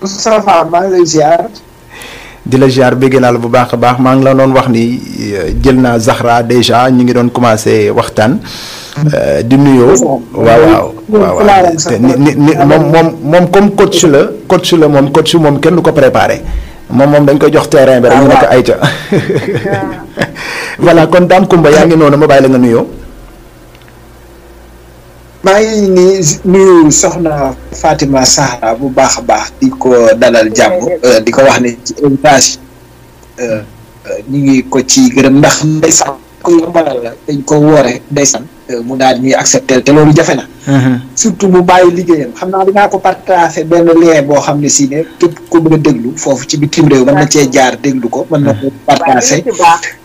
Moustapha Fall maa ngi lay ziar. di la ziar bëgg naa la bu baax a baax maa ngi la doon wax ni euh, jël naa Zahra déjà ñu ngi doon commencé waxtaan. Euh, di nuyoo. waaw waaw waaw ni ni moom moom moom comme coach la. coach la moom su moom kenn du ko préparé. moom moom dañ koy jox terrain bi rek ñu ne ko ah, ayca. voilà kon Dame Koumba yaa ngi noonu ma la nga nuyoo. maa ngi nii nuyu soxna Fatima Sahra bu baax a baax di ko dalal jàmm euh, di ko wax ne ci invitation euh, euh, ñu ngi ko ci gërëm ndax ndeysaan ko yombalal la dañ ko woore day ndeysaan mu daal ñuy accepter te loolu jafe na mm-hmm. surtout mu bàyyi liggéeyam xam naa dinaa ko partagé benn lien boo xam ne si képp ko bëgg a déglu foofu ci bitim réew mën na cee jaar déglu ko mën na ko mm-hmm. partagé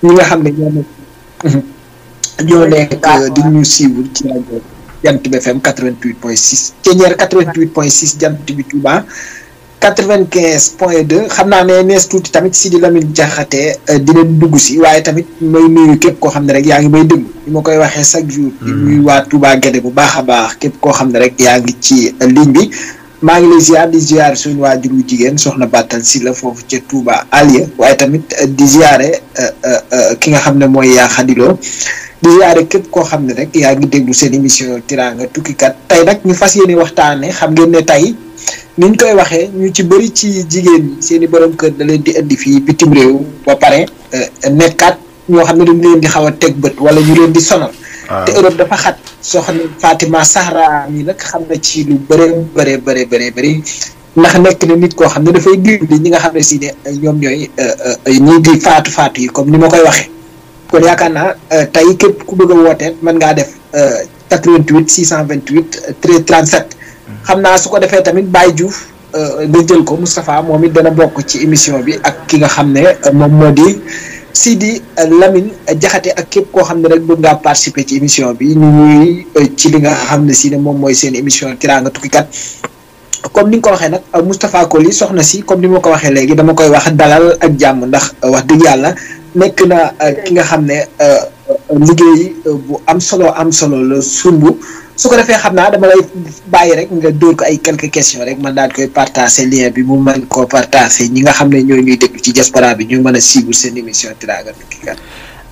ñi nga xam ne ñoo nekk ñoo nekk di ñu suivre ci rajo jant bi FM 88 point 6 Thiénière 88 point 6 jant bi Touba 95 point 2 xam naa ne nees tuuti tamit Sidi Lamine Diakhaté euh, di leen dugg si waaye tamit may nuyu képp koo xam ne rek yaa ngi may déglu ni ma koy waxee chaque jour. Hmm. di nuyu waa bu baax a baax képp koo xam ne rek yaa ngi ci euh, ligne maa ngi lay ziar di ziar suñu waajuru jigéen soxna Batal si la foofu ca Touba Aliya waaye tamit euh, di ziare ki nga xam ne mooy yaa xadiloo di yaare képp koo xam ne rek yaa ngi déglu seen émission tukki kat tey nag ñu fas yéene waxtaanee xam ngeen ne tey niñ koy waxee ñu ci bëri ci jigéen ñi seen i kër da leen di indi fii bitim réew ba pare eh, nekkaat ñoo xam ne dañ leen di xaw a teg bët wala ñu leen di sonal. Ah. te dafa xat soxna Fatima Sahra mi nag xam na ci lu bëree bëree bëree bëree bëri. ndax nekk na nit koo xam ne dafay dimbali ñi nga xam ne si ne ñoom ñooy eh, eh, ñii di faatu faatu yi comme ni ma koy waxee. kon yaakaar naa euh, tey képp ku bëgg a wootee mën ngaa def 88 628 13 37. xam naa su ko defee tamit Baye Diouf euh, nga jël ko Moustapha moom it dana bokk ci émission bi ak ki nga xam ne euh, moom moo di Sidi Lamine Jaxate ak képp koo xam ne rek bëgg ngaa participer ci émission bi ñu ci li nga xam ne si ne moom mooy seen émission Tiraanga tukkikat comme ni nga ko waxee nag Moustapha Coly soxna si comme ni ma ko waxee léegi dama koy wax dalal ak jàmm ndax wax dëgg yàlla. nekk na euh, ki nga xam ne euh, liggéey euh, bu am solo am solo la sumb su ko defee xam naa dama lay bàyyi rek nga dóor ko ay quelques questions rek man daal koy partager lien bi mu mën ko partager ñi nga xam ne ñoo ñuy déglu ci diaspora bi ñu mën a suivre seen émission Tiraanga Tukkikat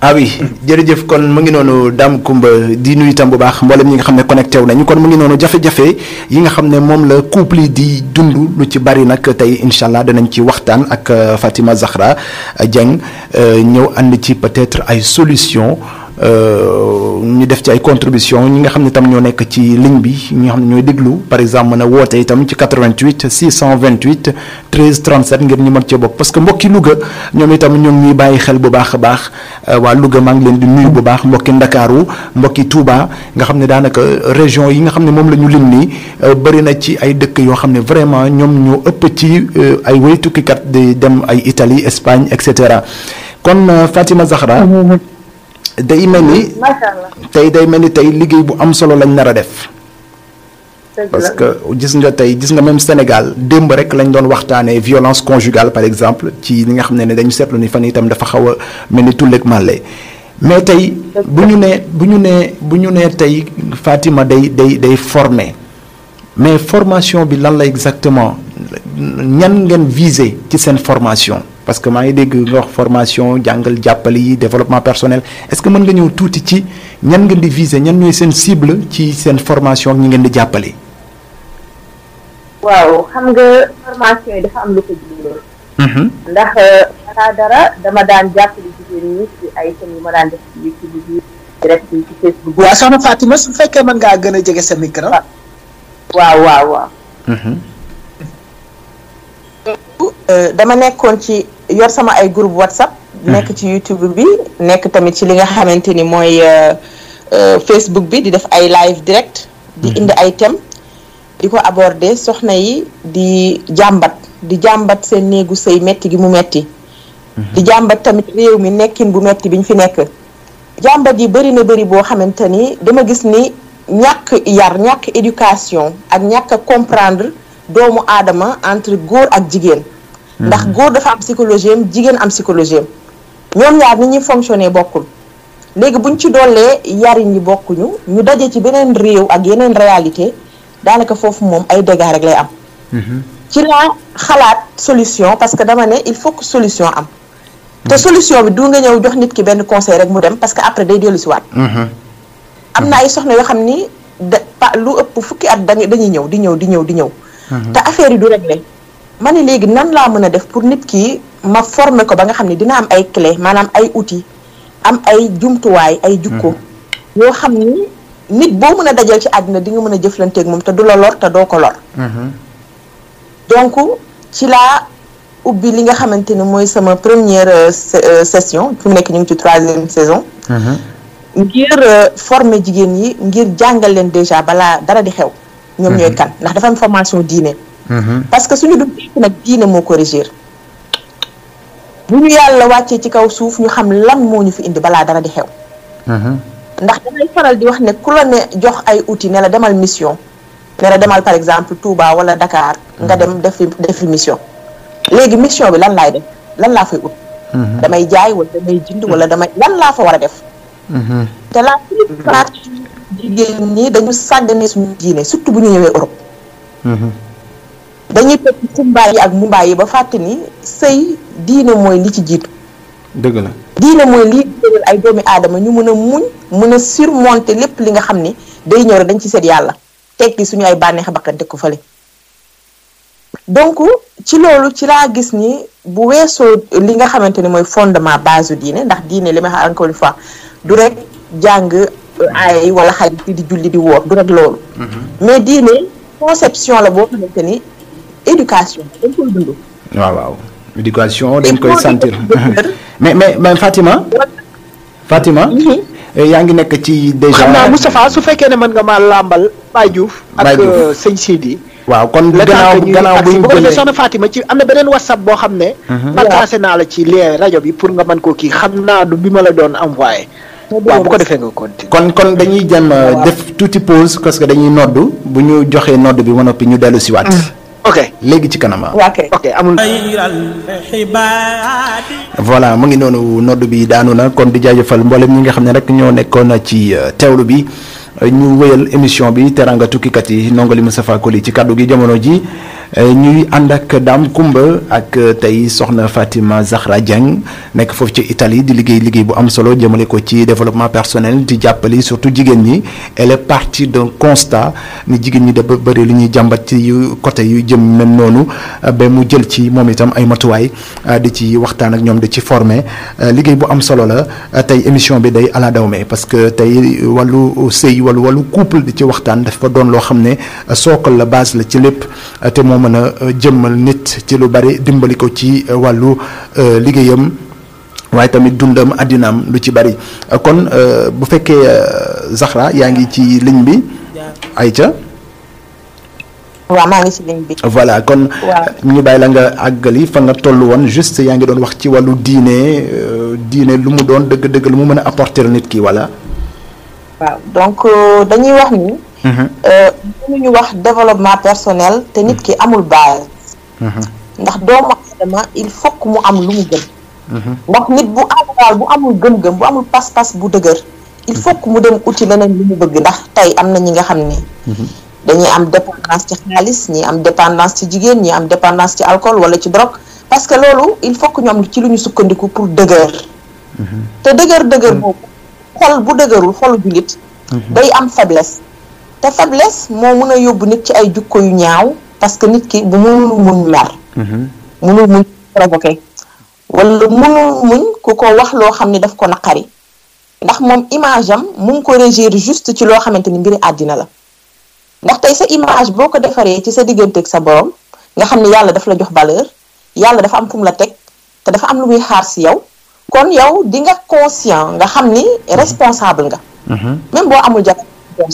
awi ah jërëjëf kon mu ngi noonu Dame Coumba di nuyu itam bu baax mboolem ñi nga xam ne connecté wu nañu kon mu ngi noonu jafe-jafe yi nga xam ne moom la couple yi di dund lu ci bari nag tey incha allah danañ ci waxtaan ak euh, Fatima Zahra Dieng euh, ñëw ànd ci peut-être ay solution Euh, ñu def ci ay contribution ñi nga xam ne tam ñoo nekk ci ligne bi ñi nga xam ne ñooy déglu par exemple mën a woote itam ci 88 628 13 37 ngir ñu mën cee bokk parce que mbokki Louga ñoom itam ñoo ngi ñuy bàyyi xel bu baax a baax euh, waa Louga maa ngi leen di nuyu bu baax mbokki Ndakaaru mbokki Touba nga xam ne daanaka région yi nga xam ne moom la ñu lim nii euh, bëri na ci ay dëkk yoo xam ne vraiment ñoom ñoo ëpp ci ay way tukkikat di dem ay Italie Espagne et cetera kon Fatima Zahra day mel ni tey day mel ni tey liggéey bu am solo lañ nar a def. parce que gis nga tey gis nga même Sénégal démb rek lañ doon waxtaanee violence conjugale par exemple ci li nga xam ne ne dañu seetlu ni fan tam dafa xaw a mel ni tulleeg màlle mais tey bu ñu nee bu ñu nee bu ñu nee tey Fatima day day day former mais formation bi lan la exactement ñan ngeen viser ci seen formation. parce que maa ngi dégg nga wax formation jàngal jàppale yi développement personnel est-ce que mën nga ñëw tuuti ci ñan ngeen di viser ñan ñooy seen cible ci seen formation ñu ngeen di jàppale. waaw xam nga formation yi dafa am lu ko jublu. Mhm. ndax balaa euh, dara dama daan jàppale jigéen ñi ci ay thèmes yu ma daan def ci YouTube bi direct ci Facebook. waaw soxna Fatima su fekkee mën ngaa gën a jege sa micro. waaw waaw waaw. Mhm. dama nekkoon ci yor sama ay groupe whatsapp hmm. nekk ci youtube bi nekk tamit ci li nga xamante ni mooy euh, euh, facebook bi di def ay live direct di hmm. indi ay thème di ko aborder soxna yi di jàmbat di jàmbat seen néegu sëy metti gi mu metti hmm. di jàmbat tamit réew mi nekkin bu metti bi ñu fi nekk jàmbat yi bëri na bëri boo xamante ni dama gis ni ñàkk yar ñàkk éducation ak ñàkk comprendre doomu aadama entre góor ak jigéen ndax hmm. góor dafa am psychologie jigéen am psychologie am ñoom ñaar ni ñuy fonctionner bokkul léegi buñ ci doolee yariñ yi bokkuñu ñu daje ci beneen réew ak yeneen réalité daanaka foofu moom ay dégâts rek lay am hmm. ci laa xalaat solution parce que dama ne il faut que solution am te hmm. solution bi du nga ñëw jox nit ki benn conseil rek mu dem parce que après day dellu si waat am na ay soxna yoo xam ni da lu ëpp fukki at dañuy ñëw di ñëw di ñëw di ñëw te affaire yi du réglé ma ne léegi nan laa mën a def pour nit ki ma former ko ba nga xam ne dina am ay clé maanaam ay outils am ay jumtuwaay ay jukko mhm. yoo xam ni nit boo mën a dajal ci àddina di nga mën a jëflanteeg moom te du la lor te doo ko lor mhm. donc ci laa ubbi li nga xamante ne mooy sama première euh, euh, session fi mu nekk ñu ngi ci troisième saison mhm. ngir euh, former jigéen yi ngir jàngal leen déjà balaa dara di xew ñoom ñooy mhm. kan ndax dafa am formation diine. Mhm. parce que suñu dugg nag diine moo ko régir. bu ñu yàlla wàccee ci kaw suuf ñu xam lan moo ñu fi indi balaa dara di xew. Mhm. ndax damay faral di wax ne ku la ne jox ay outils ne la demal mission. ne la demal par exemple Touba wala dakaar nga dem def defi mission. léegi mission bi lan laay def lan laa fay ut. damay jaay wala damay jënd wala damay lan laa fa war a def. te la plupart jigéen ñi dañu sàggane suñu diine surtout bu ñu ñëwee Europe. Mhm. dañuy topp xumbaay yi ak mumbaay yi ba fàtte ni sëy diine mooy li ci jiitu. dëgg la diine mooy lii dëggal ay doomi aadama ñu mën a muñ mën a surmonter lépp li nga xam ni day ñëw rek dañ ci seet yàlla tekki suñu ay bànneex bakkan teg ko fële. donc ci loolu ci laa gis ni bu weesoo li nga xamante ni mooy fondement base diine ndax diine li may wax encore fois du rek jàng aaya yi wala xarit yi di julli di woor du rek loolu mhm. mais diine conception la boo xamante ni éducation dañ koy dund waaw waaw éducation dañ koy sentir mais mais Fatima Fatima mhm. eh, yaa ngi nekk ci déjà xam naa Moustapha su fekkee ne mën nga maa làmbal Baye Diouf ak euh, sëñ Sidi waaw kon gannaaw gannaaw bu ñu jëlee soxna Fatima ci am na beneen whatsapp boo xam ne partagé mhm. naa la ci lien rajo bi pour nga mën koo kii xam naa bi ma la doon envoyé waaw bu ko defee nga continuer kon kon dañuy jëm euh, def tuuti pose parce que dañuy nodd bu ñu joxee nodd bi ba noppi ñu dellu si waat mm. ok léegi ci kanam ok amul. voilà mu ngi noonu nodd bi daanu na kon di jaajëfal mboolem ñi nga xam ne rek ñoo nekkoon ci euh, teewlu bi. ñu wéyal émission bi teranga tukkikat yi nongali Moustapha Koli ci kàddu gi jamono ji eh, ñuy ànd ak Dame Kumba ak eh, tey soxna Fatima Zahra Dieng nekk foofu ci Italie di liggéey liggéey bu am solo jëmale ko ci développement personnel di jàppale surtout jigéen ñi elle est partie d'un constat ni jigéen ñi dafa bëri lu ñuy jàmbat ci yu côté yu jëm même noonu eh, ba mu jël ci moom itam ay matuwaay di ci waxtaan ak ñoom di ci former liggéey bu am solo la tey émission bi day ala dawme parce que tey wàllu sëy wala wala couple di ci waxtaan dafa doon loo xam ne euh, sookal la base la ci lépp euh, te moo mën a euh, jëmmal nit ci lu bari dimbali ko ci wàllu liggéeyam waaye tamit dundam àddinaam lu ci bari kon bu fekkee Zahra yaa ngi ci ligne bi Aïcha waaw maa ngi ci ligne voilà kon. ñu bàyyi la nga àggali fa nga toll woon juste yaa ngi doon wax ci wàllu diine diine lu mu doon dëgg-dëgg lu mu mën a apporter nit ki wala. waaw donc euh, dañuy wax ni. Mhm. Euh, ñu wax développement personnel te nit ki amul base. Mhm. ndax doomu aadama il faut que mu am lu mu gëm. Mhm. ndax nit bu àndaal bu amul gëm-gëm bu amul pas-pas bu dëgër. il faut que mu dem uti leneen lu mu bëgg ndax tey am na ñi nga xam ne. dañuy am dépendance ci xaalis ñi am dépendance ci jigéen ñi am dépendance ci alcool wala ci drogue parce que loolu il faut que ñu am ci lu ñu sukkandiku pour dëgër. te dëgër dëgër boobu. xol bu dëgërul xolu jullit mhm. day am faiblesse te faiblesse moo mën a yóbbu nit ci ay jukko yu ñaaw parce que nit ki bu mënul mu mer mhm. mënul muñ provoqué wala mënul muñ ko wax loo xam ni daf ko naqari ndax moom image am mu ko régir juste ci loo xamante ni mbiri àddina la ndax tey sa image boo ko defaree ci sa diggante ak sa borom nga xam ne yàlla daf la jox valeur yàlla dafa am fu la teg te dafa am lu muy xaar si yow kon yow dinga nga conscient nga xam ni responsable nga. Mhm. même boo amul jàpp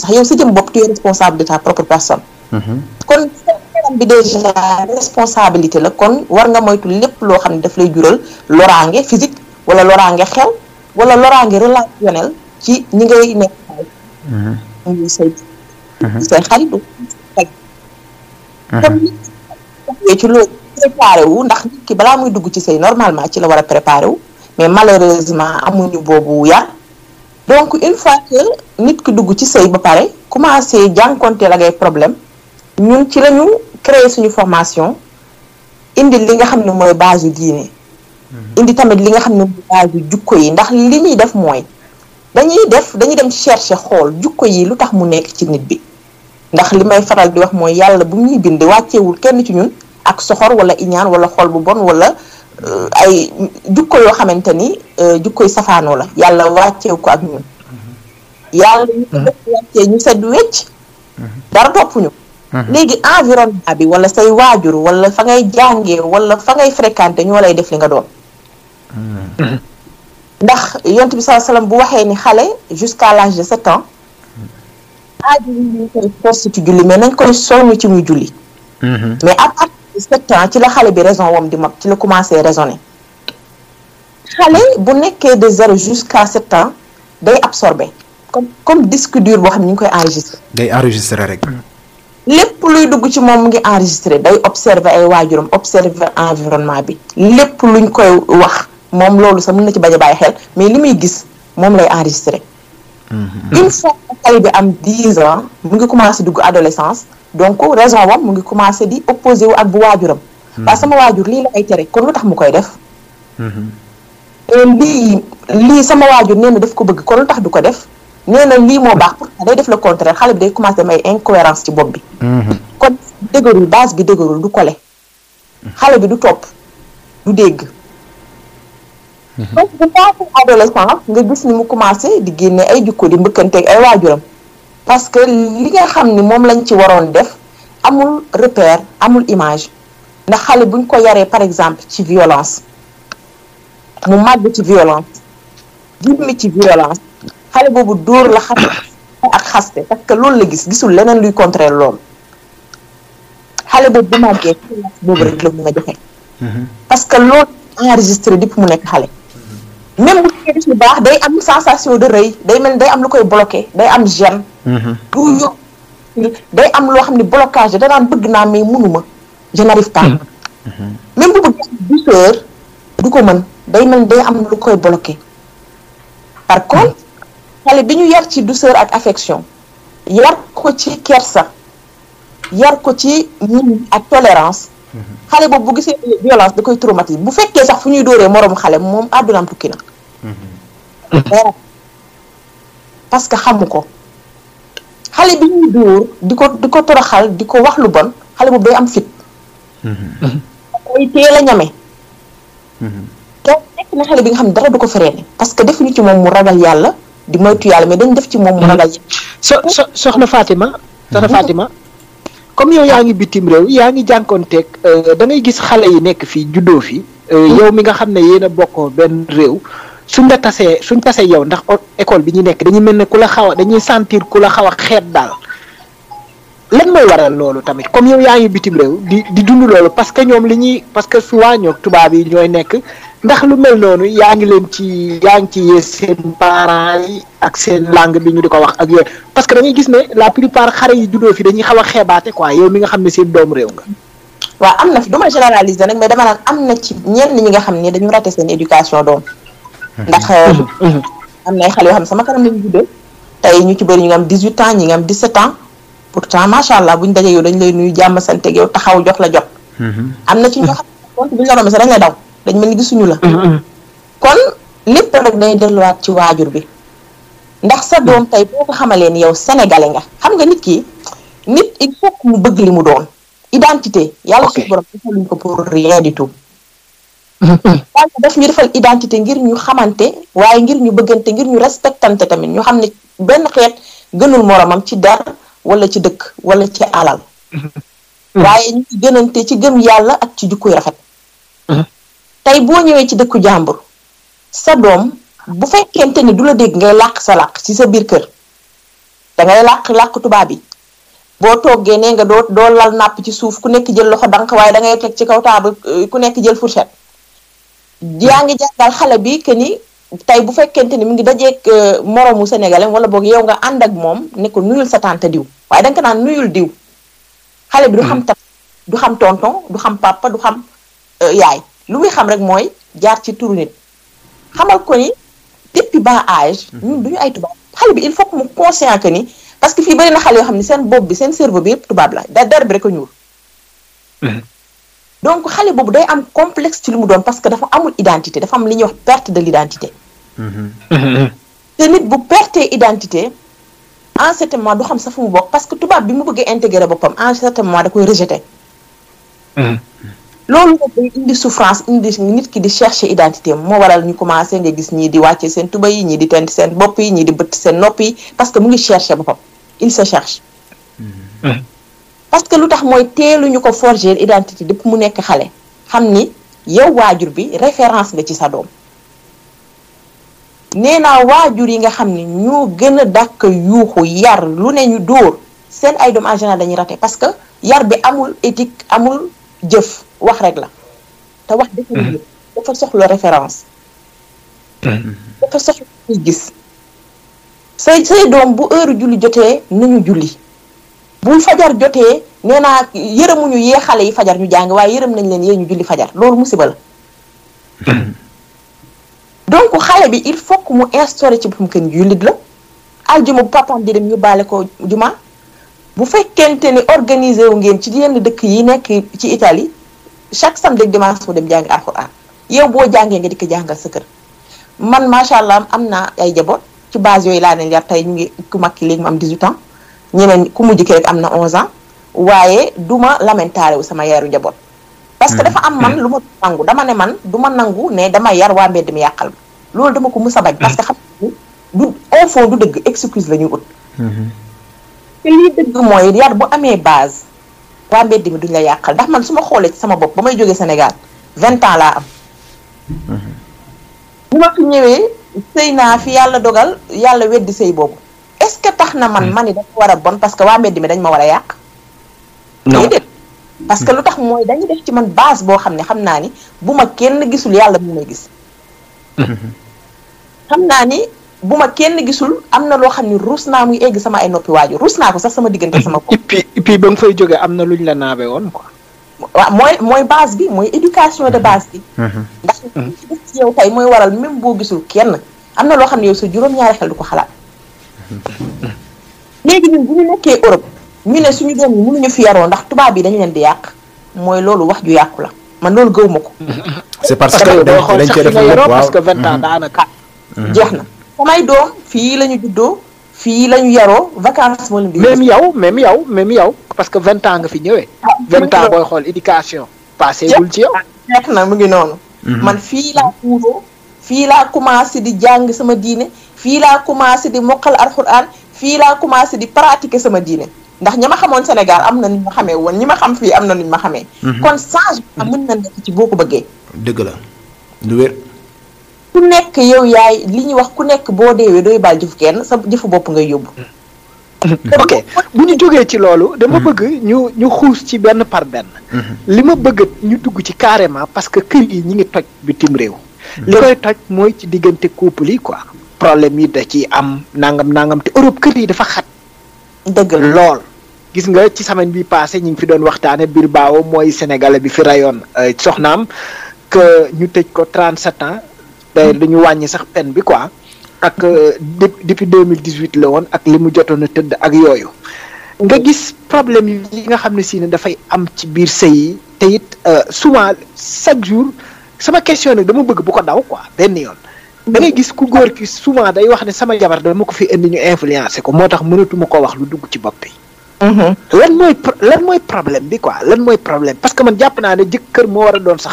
sax yow si jëm bopp tu es responsable de ta propre personne. Mhm. kon bi déjà responsabilité la kon war nga moytu lépp loo xam ne daf lay jural loraange physique wala loraange xel wala loraange relationnel ci ñi ngay nekk. ñuy say say xarit du xaj. comme mhm. nit ci loolu préparé wu ndax nit ki balaa dugg ci say normalement ci la war a préparé wu. mais malheureusement amuñu boobu yar donc une fois nit ki dugg ci sëy ba pare commencé jànkonteel ak ay problème ñun ci lañu créer suñu formation indi li nga xam ne mooy base yu diine mhm. indi tamit li nga xam ne mooy base yu jukko yi ndax li ñuy def mooy dañuy def dañuy dem chercher xool jukko yi lu tax mu nekk ci nit bi ndax li may faral di wax mooy yàlla bu ñuy bind wàccewul kenn ci ñun ak soxor wala iñaan wala xool bu bon wala Euh, ay jukko yoo xamante ni jukko euh, jukkoy safaanoo la yàlla wàcceew ko ak ñun mhm. yàlla mhm. ñu wàccee ñu sedd wecc mhm. dara topp ñu léegi environnement bi wala say waajur walla fa ngay jàngee walla fa ngay fréquenté ñoo lay def li nga doon ndax yont bi saa sallam bu waxee ni xale jusqu'à l'âge de sept ans aaju ñu koy force ci julli mais nañ koy soññ ci muy julli mais à partir sept ans ci la xale bi raison wam di mag ci la commencé raisonner xale bu nekkee de zéro jusqu'à sept ans day absorbé comme comme disque dur boo xam ne ñu ngi koy enregistré. day enregistré rek. lépp luy dugg ci moom mu ngi enregistré day observer ay waajuram observer environnement bi lépp luñ koy wax moom loolu sax mun na ci bañ a bàyyi xel mais li muy gis moom lay enregistré. une fois xale bi am 10 ans mu ngi commencé dugg adolescence donc raison wam mu ngi commencé di opposé wu ak bu waajuram. parce que sama waajur lii la may tere kon lu tax mu koy def. lii lii sama waajur nee na daf ko bëgg kon lu tax du ko def nee na lii moo baax pour day def le contraire xale bi day commencé may incohérence ci bopp bi. kon dëgërul base bi dëgërul du kole xale bi du topp du dégg. Mhm. donc bu passé nga gis ni mu commencé di génne ay jikko di mbëkkanteeg ay waajuram parce que li nga xam ni moom lañ ci waroon def amul repère amul image ndax xale buñ ko yaree par exemple ci violence mu màgg ci violence jimmi ci violence xale boobu dóor la xas ak xaste parce que loolu la gis gisul leneen luy contraire loolu xale boobu bu màggee a joxe mhm. parce que loolu enregistré depuis mu nekk xale même bu ñu def lu baax day am sensation de rëy day mel ni day am lu koy bloqué day am gen mhm. day am loo xam ne blocage da danaan bëgg naa mais mënuma je n'arrive pas. Mhm. Mhm. même bu bëgg douceur du ko mën day mel day am lu koy bloqué par contre xale bi ñu yar ci douceur ak affection yar ko ci kersa yar ko ci muñ ak tolérance. xale boobu bu gisee violence da koy traumatise bu fekkee sax fu ñuy dóoree moroom xale moom àddunaam tukki na. Mm-hmm. parce que xamu ko xale bi ñuy dóor di ko di ko toroxal di ko wax lu bon xale boobu day am fit. koy mm-hmm. teel a ñame. Mm-hmm. donc nekk na xale bi nga xam ne dara du ko freiné parce que defuñu ci moom mu ragal yàlla di moytu yàlla mais dañ def ci moom mu ragal yàlla. so so soxna Fatima. soxna Fatima. comme yow yaa ngi bitim réew yaa ngi jànkoonteeg euh, da dangay gis xale yi nekk fii juddoo fi euh, hmm. yow mi nga xam ne yéen a bokkoo benn réew suñ la tasee suñ tasee yow ndax o école bi ñu nekk dañuy mel ne ku la xaw a dañuy sentir ku la xaw a xeet daal lan mooy waral loolu tamit comme yow yaa ngi bitim réew di di dund loolu parce que ñoom li ñuy parce que souvent ñoo tubaab yi ñooy nekk ndax lu mel noonu yaa ngi leen ci yaa ngi ci yee seen parents yi ak seen langue bi ñu di ko wax ak yooyu parce que da gis ne la plupart xare yi juddoo fi dañuy xaw a xeebaate quoi yow mi nga xam ne seen doomu réew nga. waaw am na fi du ma généraliser nag mais am na ci ñenn ñi nga xam ni dañu raté seen éducation doom. ndax. Mhm. Euh, mhm. am na ay xale yoo sama kanam la ñu ci bëri ñu am 18 ans ñi ngi am 17 pourtant macha allah buñ dajee yow dañ lay nuyu jàmm santeeg yow taxaw jox la jox. Mhm. am na ci ñoo xam ne la romee sax dañ lay daw dañ mel ni gisuñu mhm. bi ndax sa doom tey boo ko xamalee ni yow sénégalais nga xam nga nit ki nit il faut que mu li mu doon identité yàlla suñu borom defaluñ ko pour rien du tout waaye daf ñu defal identité ngir ñu xamante waaye ñu bëggante ngir ñu respectante tamit ñu xam ne benn xeet gënul moromam ci dara wala ci dëkk wala ci alal waaye ñu gënante ci gëm yàlla ak ci jukkuy rafet tey boo ñëwee ci dëkku jàmbur sa doom bu fekkente ni du la dégg ngay làq sa làq ci sa biir kër dangay làq làq tubaab yi boo toggee nee nga doo doo lal nàpp ci suuf ku nekk jël loxo dank waaye dangay teg ci kaw taabal ku nekk jël fourchette yaa ngi jàngal xale bi que ni tey bu fekkente ni mu ngi dajeeg euh, moroomu sénégalais wala boog yow nga ànd ak moom ne ko nuyul sa tante diw waaye danga ko naan nuyul diw xale bi du hmm. xam tante du xam tonton du xam papa du xam euh, yaay lu muy xam rek mooy jaar ci turu nit xamal ko ni depuis bas âge hmm. ñun du ñu ay tubaab xale bi il faut que mu conscient que ni parce que fii bari na xale yoo xam ne seen bopp bi seen cerveau bi yëpp tubaab la da der bi rek a ñuul hmm. donc xale boobu day am complexe ci lu mu doon parce que dafa amul identité dafa am li ñuy wax perte de l'identité mm-hmm. te nit bu perte identité en certain moment du xam sa fu mu bokk parce que tubaab bi mu bëggee intégrer boppam en certain moment da koy rejeter mm-hmm. loolu day indi souffrance indi nit ki di chercher identité moo waral ñu commencé nga gis ñii di wàcce seen tuba yi ñii di tent seen bopp yi ñii di bët seen nopp yi parce que mu ngi chercher boppam il se cherche mm-hmm. parce que lu tax mooy ñu ko forger identité dëpp mu nekk xale xam ni yow waajur bi référence nga ci sa doom nee naa waajur yi nga xam ni ñoo gën a dàkk yuuxu yar lu ne ñu dóor seen ay doom en général dañuy raté parce que yar bi amul éthique amul jëf wax rek la te wax dafa mhm. dafa soxla référence mhm. dafa soxla gis say say doom bu heure julli jotee nañu julli bu fajar jotee nee naa yërëmuñu yee xale yi fajar ñu jàng waaye yërëm nañ leen yee ñu julli fajar loolu mu musiba la donc xale bi il faut que mu instauré ci boppam kenn jullit la aljuma bu papam di dem ñu baale ko juma bu fekkente ni organisé wu ngeen ci yenn dëkk yi nekk ci Italie chaque samedi ak dimanche mu dem jàng alxuraan yow boo jàngee nga di ko jàngal sa kër man macha allah am na ay jaboot ci base yooyu laa leen yar tey ñu ngi ku mag ki léegi mu ñeneen ku mujj ki rek am na 11 ans waaye du ma lamentaare wu sama yaru njaboot. parce que hmm. dafa am man hmm. lu ma nangu dama ne man du ma nangu ne dama yar waa mbedd mi yàqal ma loolu dama ko mus a bañ. Hmm. parce que xam du au fond du dëgg excuse la ñuy ut. te lii dëgg mooy yar bu amee base waa mbedd mi duñ la yàqal ndax man su ma xoolee ci sama bopp ba may jógee Sénégal vingt ans laa am. bu ma fi ñëwee sëy naa fi yàlla dogal yàlla weddi sëy boobu. est tax na man hmm. man yi dafa war a bon parce que waa mbedd mi dañ ma war a yàq. non parce que hmm. lu tax mooy dañu def ci man base boo xam ne xam naa ni bu ma kenn gisul yàlla bu may gis. Hmm. xam naa ni bu ma kenn gisul am na loo xam ni ruus naa muy egg sama ay noppi waajur ruus naa ko sax sama diggante sama ko. et puis ba nga fay jógee am na luñ la naabe woon ko waaw mooy mooy base bi mooy éducation de base bi. ndax li mooy waral même boo gisul kenn am na loo xam ne yow sa juróom-ñaari xel du ko xalaat. léegi ñun bu ñu nekkee Europe ñu ne suñu doom yi ñu fi yaroo ndax tubaab yi dañu leen di yàq mooy loolu wax ju yàqu la man loolu gëw ma ko. c'est parce que dañ koy parce que vingt ans mhm. daanaka. Mhm. jeex na samay doom fii lañu ñu juddoo fii la ñu yaroo vacances moo leen di. même yow même yow yow parce que vingt ans nga fi ñëwee. Ah, vingt ans booy xool éducation. passé gul ci yow mu ngi noonu. Mhm. man fii laa puudar fii laa commencé di jàng sama diine fii laa commencé di mokkal alxuraan fii laa commencé di pratiquer sama diine ndax ñi ma xamoon Sénégal am na nuñ ma xamee woon ñi ma xam fii am na nuñ ma xamee. Mhm. kon changement mën na nekk ci boo ko bëggee. dëgg la lu wér. ku nekk yow yaay li ñuy wax ku nekk boo deewee dooy baal jëfu kenn sa jëfu bopp ngay yóbbu. bu ñu jógee ci loolu. dama mhm. bëgg ñu ñu xuus ci benn par benn. Mhm. li ma bëgg ñu dugg ci carrément parce que kër yi ñi ngi toj bitim réew. li koy toj mooy ci diggante couple yi quoi. problème yi da ci am nangam nangam te Europe kër yi dafa xat. dëgg lool. gis nga ci semaine bi passé ñu ngi fi doon waxtaane baaw mooy sénégalais bi fi rayoon euh, soxnaam que ñu tëj ko trent ans. day mm. du ñu wàññi sax peine bi quoi. ak euh, depuis 2018 la woon ak li mu jotoon a tëdd ak yooyu. nga mm. gis problème yi nga xam ne si ne dafay am ci biir sëy yi te it euh, souvent chaque jour sama question dama bëgg bu ko daw quoi benn yoon. da ngay gis ku góor ki souvent day wax ne sama jabar dama ko fi indi ñu influencé ko moo tax mënatuma ko wax lu dugg ci bopp bi. Mm-hmm. lan mooy lan mooy problème bi quoi lan mooy problème parce que man jàpp naa ne jëkkër moo war doon sa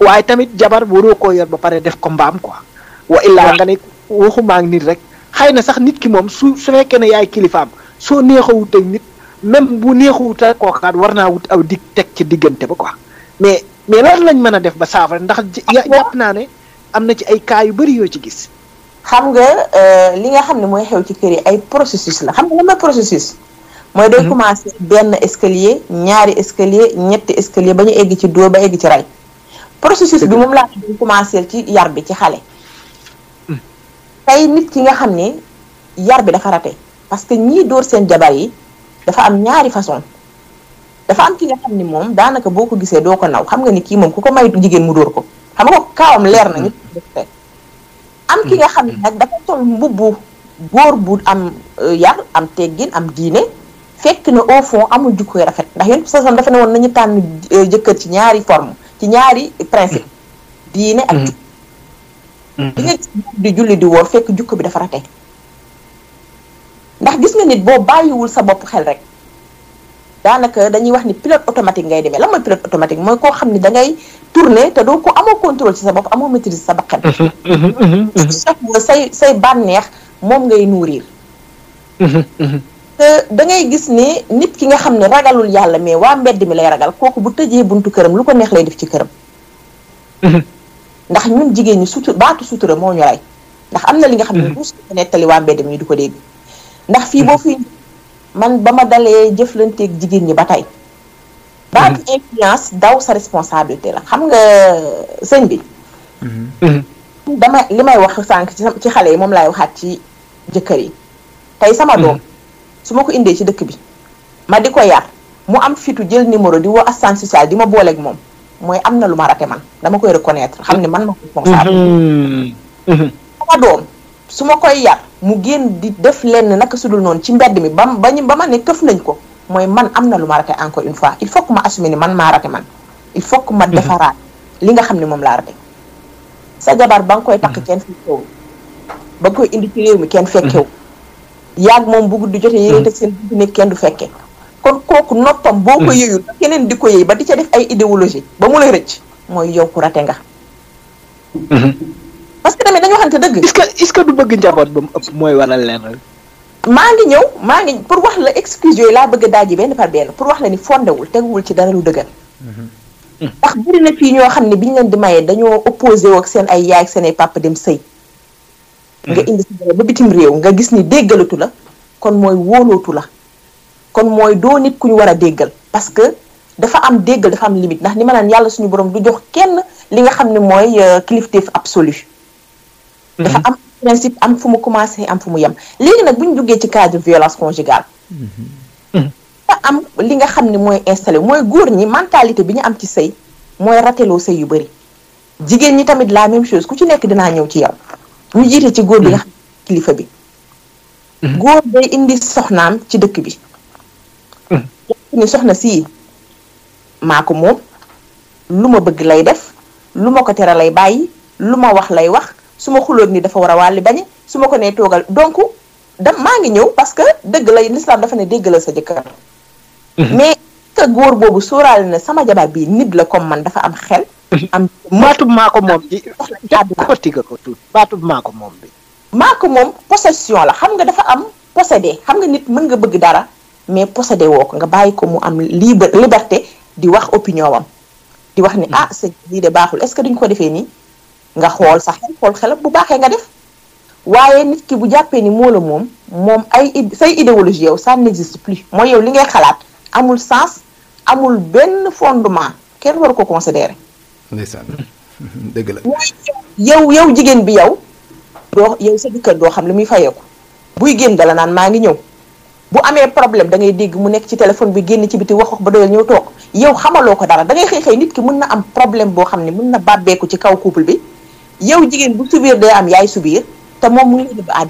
waaye tamit jabar waroo koo yor ba pare def ko mbaam quoi. wa illaa nga ne waxumaa nit rek xëy na sax nit ki moom su su fekkee ne yaay kilifaam soo neexawut ak nit même bu neexawut ak kookaat war naa wut aw dig teg ci diggante ba quoi mais mais lan lañ mën a def ba saafara ndax. jàpp naa ne. am na ci ay cas yu bëri yoo ci gis. xam nga euh, li nga xam ne mooy xew ci kër yi ay processus la xam nga lan mooy processus. mooy day hmm. commencé benn escalier ñaari escalier ñetti escalier ba ñu egg ci dóor ba egg ci rey. processus bi moom laa doon commencé ci yar bi ci xale. Hmm. tey nit ki nga xam ne yar bi dafa rate parce que ñii dóor seen jabar yi dafa am ñaari façon dafa am ki nga xam ni moom daanaka boo ko gisee doo ko naw xam nga ni kii moom ku ko may jigéen mu dóor ko xam nga leer na nit am ki nga xam ne nag dafa tol mbubbu góor bu am euh, yar am teggin am diine fekk na au fond amul jukkoy rafet ndax yéen sa sam dafa ne woon nañu tànn euh, jëkkër ci ñaari forme ci ñaari principe diine ak mm-hmm. jukk di nga gis di julli di woor fekk jukko bi dafa rate ndax gis na nit boo bàyyiwul sa bopp xel rek daanaka dañuy wax ni pilote automatique ngay demee la mooy pilote automatique mooy koo xam ni da ngay te doo ko amoo contrôle ci sa bopp amoo maîtrise sa bakkan chaque mhm, mhm, mhm, say say bànneex moom ngay nourrir te da ngay gis ni nit ki nga xam ne ragalul yàlla mais waa mbedd mi lay ragal kooku bu tëjee buntu këram lu ko neex lay def ci këram ndax ñun jigéen ñi sutu baatu sutura moo ñu rey ndax am na li nga xam ne ruus nettali waa mbedd mi ñu di ko dégg ndax man ba ma dalee jëflanteek jigéen ñi ba tey mhm. baatu influence daw sa responsabilité la xam nga euh, sëñ bi mhm. Mhm. dama li may wax sànq ci xale yi moom laay waxaat ci jëkkër yi tey sama doom su ma ko indee ci dëkk bi ma di ko yar mu am fitu jël numéro di woo assistance sociale di ma booleeg moom mooy am na lu ma rate man dama koy reconnaître xam ne man ma responsable sama doom su ma koy yar mu génn di def lenn naka sudul noonu ci mbedd mi ba ba ba ma ne këf nañ ko mooy man am na lu ma rate encore une fois il faut que ma assumer ni man maa rate man il faut que ma mhm. defaraat li nga xam ne moom laa rate sa jabar ba nga koy takk mhm. kenn fekkewul ba koy indi ci réew mi kenn fekkewul mhm. yàgg moom bu guddi jotee yéen teg seen buntu nekk kenn du fekke kon kooku noppam boo ko yëyul keneen di ko yëy ba di ca def ay idéologie ba mu lay rëcc mooy yow rate nga parce que tamit dañu waxante dëgg. est-ce que est-ce que du bëgg njaboot mooy waral leen maa ngi ñëw maa ngi pour wax la excuse yooyu laa bëgg a daaj benn par benn pour wax la ni fondewul teguwul ci dara lu dëgër. Mm-hmm. Mm. ndax bëri na fii ñoo xam ne bi ñu leen di dañoo opposé woo ak seen ay yaay ak seen dem sëy. Mm-hmm. nga bitim réew nga gis ni déggalatu la kon mooy wóolootu la kon mooy doo nit ku ñu war a déggal parce que dafa am déggal dafa am limite ndax ni ma naan yàlla suñu borom du jox kenn li nga xam ne mooy euh, kilifteef absolu. dafa am mhm. principe am fu mu commencé am fu mu yem léegi nag bu ñu duggee ci cadre violence conjugale mhm. Mhm. dafa li nga xam ne mooy installé mooy góor ñi mentalité bi ñu am ci sëy mooy rateloo sëy yu bëri jigéen ñi tamit la même chose ku ci nekk dinaa ñëw ci yow ñu jiite ci góor bi nga xam ne kilifa bi góor day indi soxnaam ci dëkk bi ni soxna sii maa ko moom lu ma bëgg lay def lu ma ko tere lay bàyyi lu ma wax lay wax su ma xuloog nii dafa war a wàlli bañe su ma ko nee toogal donc da maa ngi ñëw parce que dëgg la l'islam dafa ne la sa jëkkër mhm. mais que góor boobu sóoraale na sama jabar bii nit la comme man dafa am xel mhm. am maatub maa ko moom bi xotiga ko maa ko moom bi maa ko moom possession la xam nga dafa am possédé xam nga nit mën nga bëgg dara mais possédé woo ko nga bàyyi ko mu am libre liberté di wax opinion am di wax ni mhm. ah sa lii de baaxul est-ce que duñ ko defee nii nga xool sax xool xelam bu baaxee nga def waaye nit ki bu jàppee ni moo la moom moom ay say idéologie yow ça n'existe plus mooy yow li ngay xalaat amul sens amul benn fondement kenn waru ko considérer ndeysaan dëgg la yow yow jigéen bi yow doo yow sa jëkkër doo xam li muy fayeeku buy génn dala naan maa ngi ñëw bu amee problème da ngay dégg mu nekk ci téléphone bi génn ci biti wax wax ba doyal ñëw toog yow xamaloo ko dara da ngay xëy xëy nit ki mën na am problème boo xam ne mën na bàbbeeku ci kaw couple bi yow jigéen bu subir day am yaay subir te moom mu ngi ba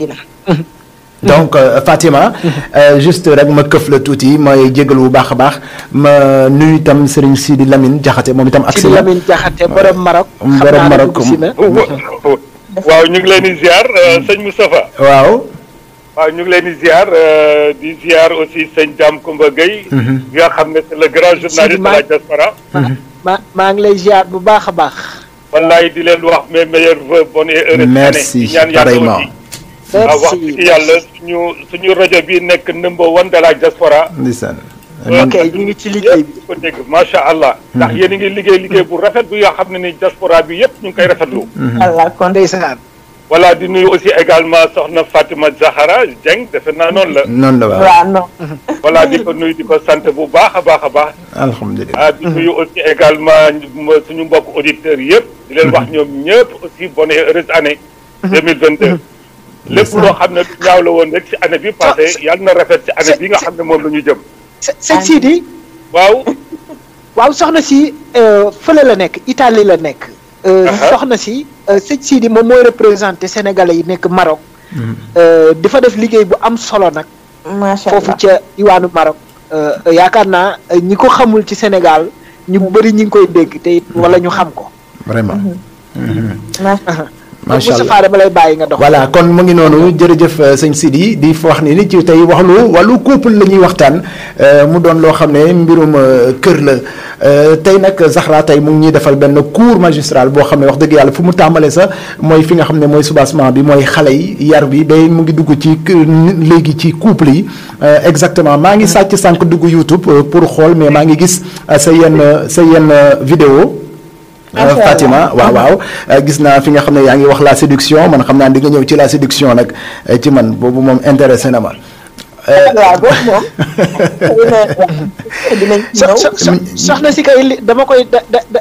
donc euh, Fatima. Mhm. Euh, juste rek ma këf la tuuti may jégalu bu baax a baax ma nuyu itam Serigne Sidi Lamine Diakhaté moom itam. ak Sidi Lamine Diakhaté borom Maroc. Mm, borom Maroc waaw ñu ngi leen di ziar euh, mm. sëñ Moustapha. waaw. waaw ñu ngi leen di ziar di ziar aussi sëñ Dame Koumba Gueye. bi mhm. nga xam ne c'est grand journaliste de la diaspora. maa maa ngi lay ziar bu baax a baax. man laay di leen wax mes meilleurs vœux bonne et heureuse merci pareillement waaw wax dëgg yàlla suñu suñu rajo bi nekk number one de la diaspora ndeysaan euh, ok ñu ngi ci liggéey bi ko dégg macha allah hmm. ndax yéen a ngi liggéey liggéey bu rafet bu yoo xam ne ni diaspora bi yëpp ñu ngi koy rafetlu hmm. allah kon ndeysaan voilà di nuyu aussi également soxna Fatima Zahara Dieng defe naa noonu la. noonu la waaw non. voilà di ko nuyu di ko sant bu baax a baax a baax. alhamdulilah ah, di nuyu aussi également suñu mbokk auditeurs yëpp. di leen wax ñoom ñëpp aussi bonne et heureuse année. 2022. Mm-hmm. lépp loo xam ne ñaaw la woon rek ci année bi passé ah, yàlla na rafet ci année bi nga xam ne moom la ñu jëm. sëñ Sidi. waaw. waaw soxna si euh, fële la nekk Italie la nekk. Euh, uh-huh. soxna si. Euh, sëñ Sidi moom mooy représenté sénégalais yi nekk Maroc. Mm-hmm. Euh, dafa def liggéey bu am solo nag. macha allah foofu ca diwaanu Maroc. Euh, yaakaar naa ñi ko xamul ci Sénégal ñu mm-hmm. bëri ñi ngi koy dégg te it wala ñu xam ko. vraiment. Mm-hmm. macha allah dama lay nga dox. voilà kon mu ngi noonu jërëjëf euh, sëñ Sidi di wax ni ni ci tey wax lu wàllu couple la ñuy waxtaan euh, mu doon loo xam ne mbirum euh, kër la tey nag Zahra tey mu ngi ñuy defal benn cours magistral boo xam ne wax dëgg yàlla fu mu tàmbalee sax mooy fi nga xam ne mooy soubassement bi mooy xale yi yar bi ba mu ngi dugg ci léegi ci couple yi exactement maa ngi sàcc sànq dugg YouTube pour xool mais maa ngi gis sa yenn sa yenn vidéo Ah, ah, Fatima waaw waaw euh, gis naa fi nga xam ne yaa ngi wax la séduction man xam naa di nga ñëw ci la séduction nag euh, ci man boobu moom intéressé na ma waaw boobu moom. dinañ soxna si kay dama koy da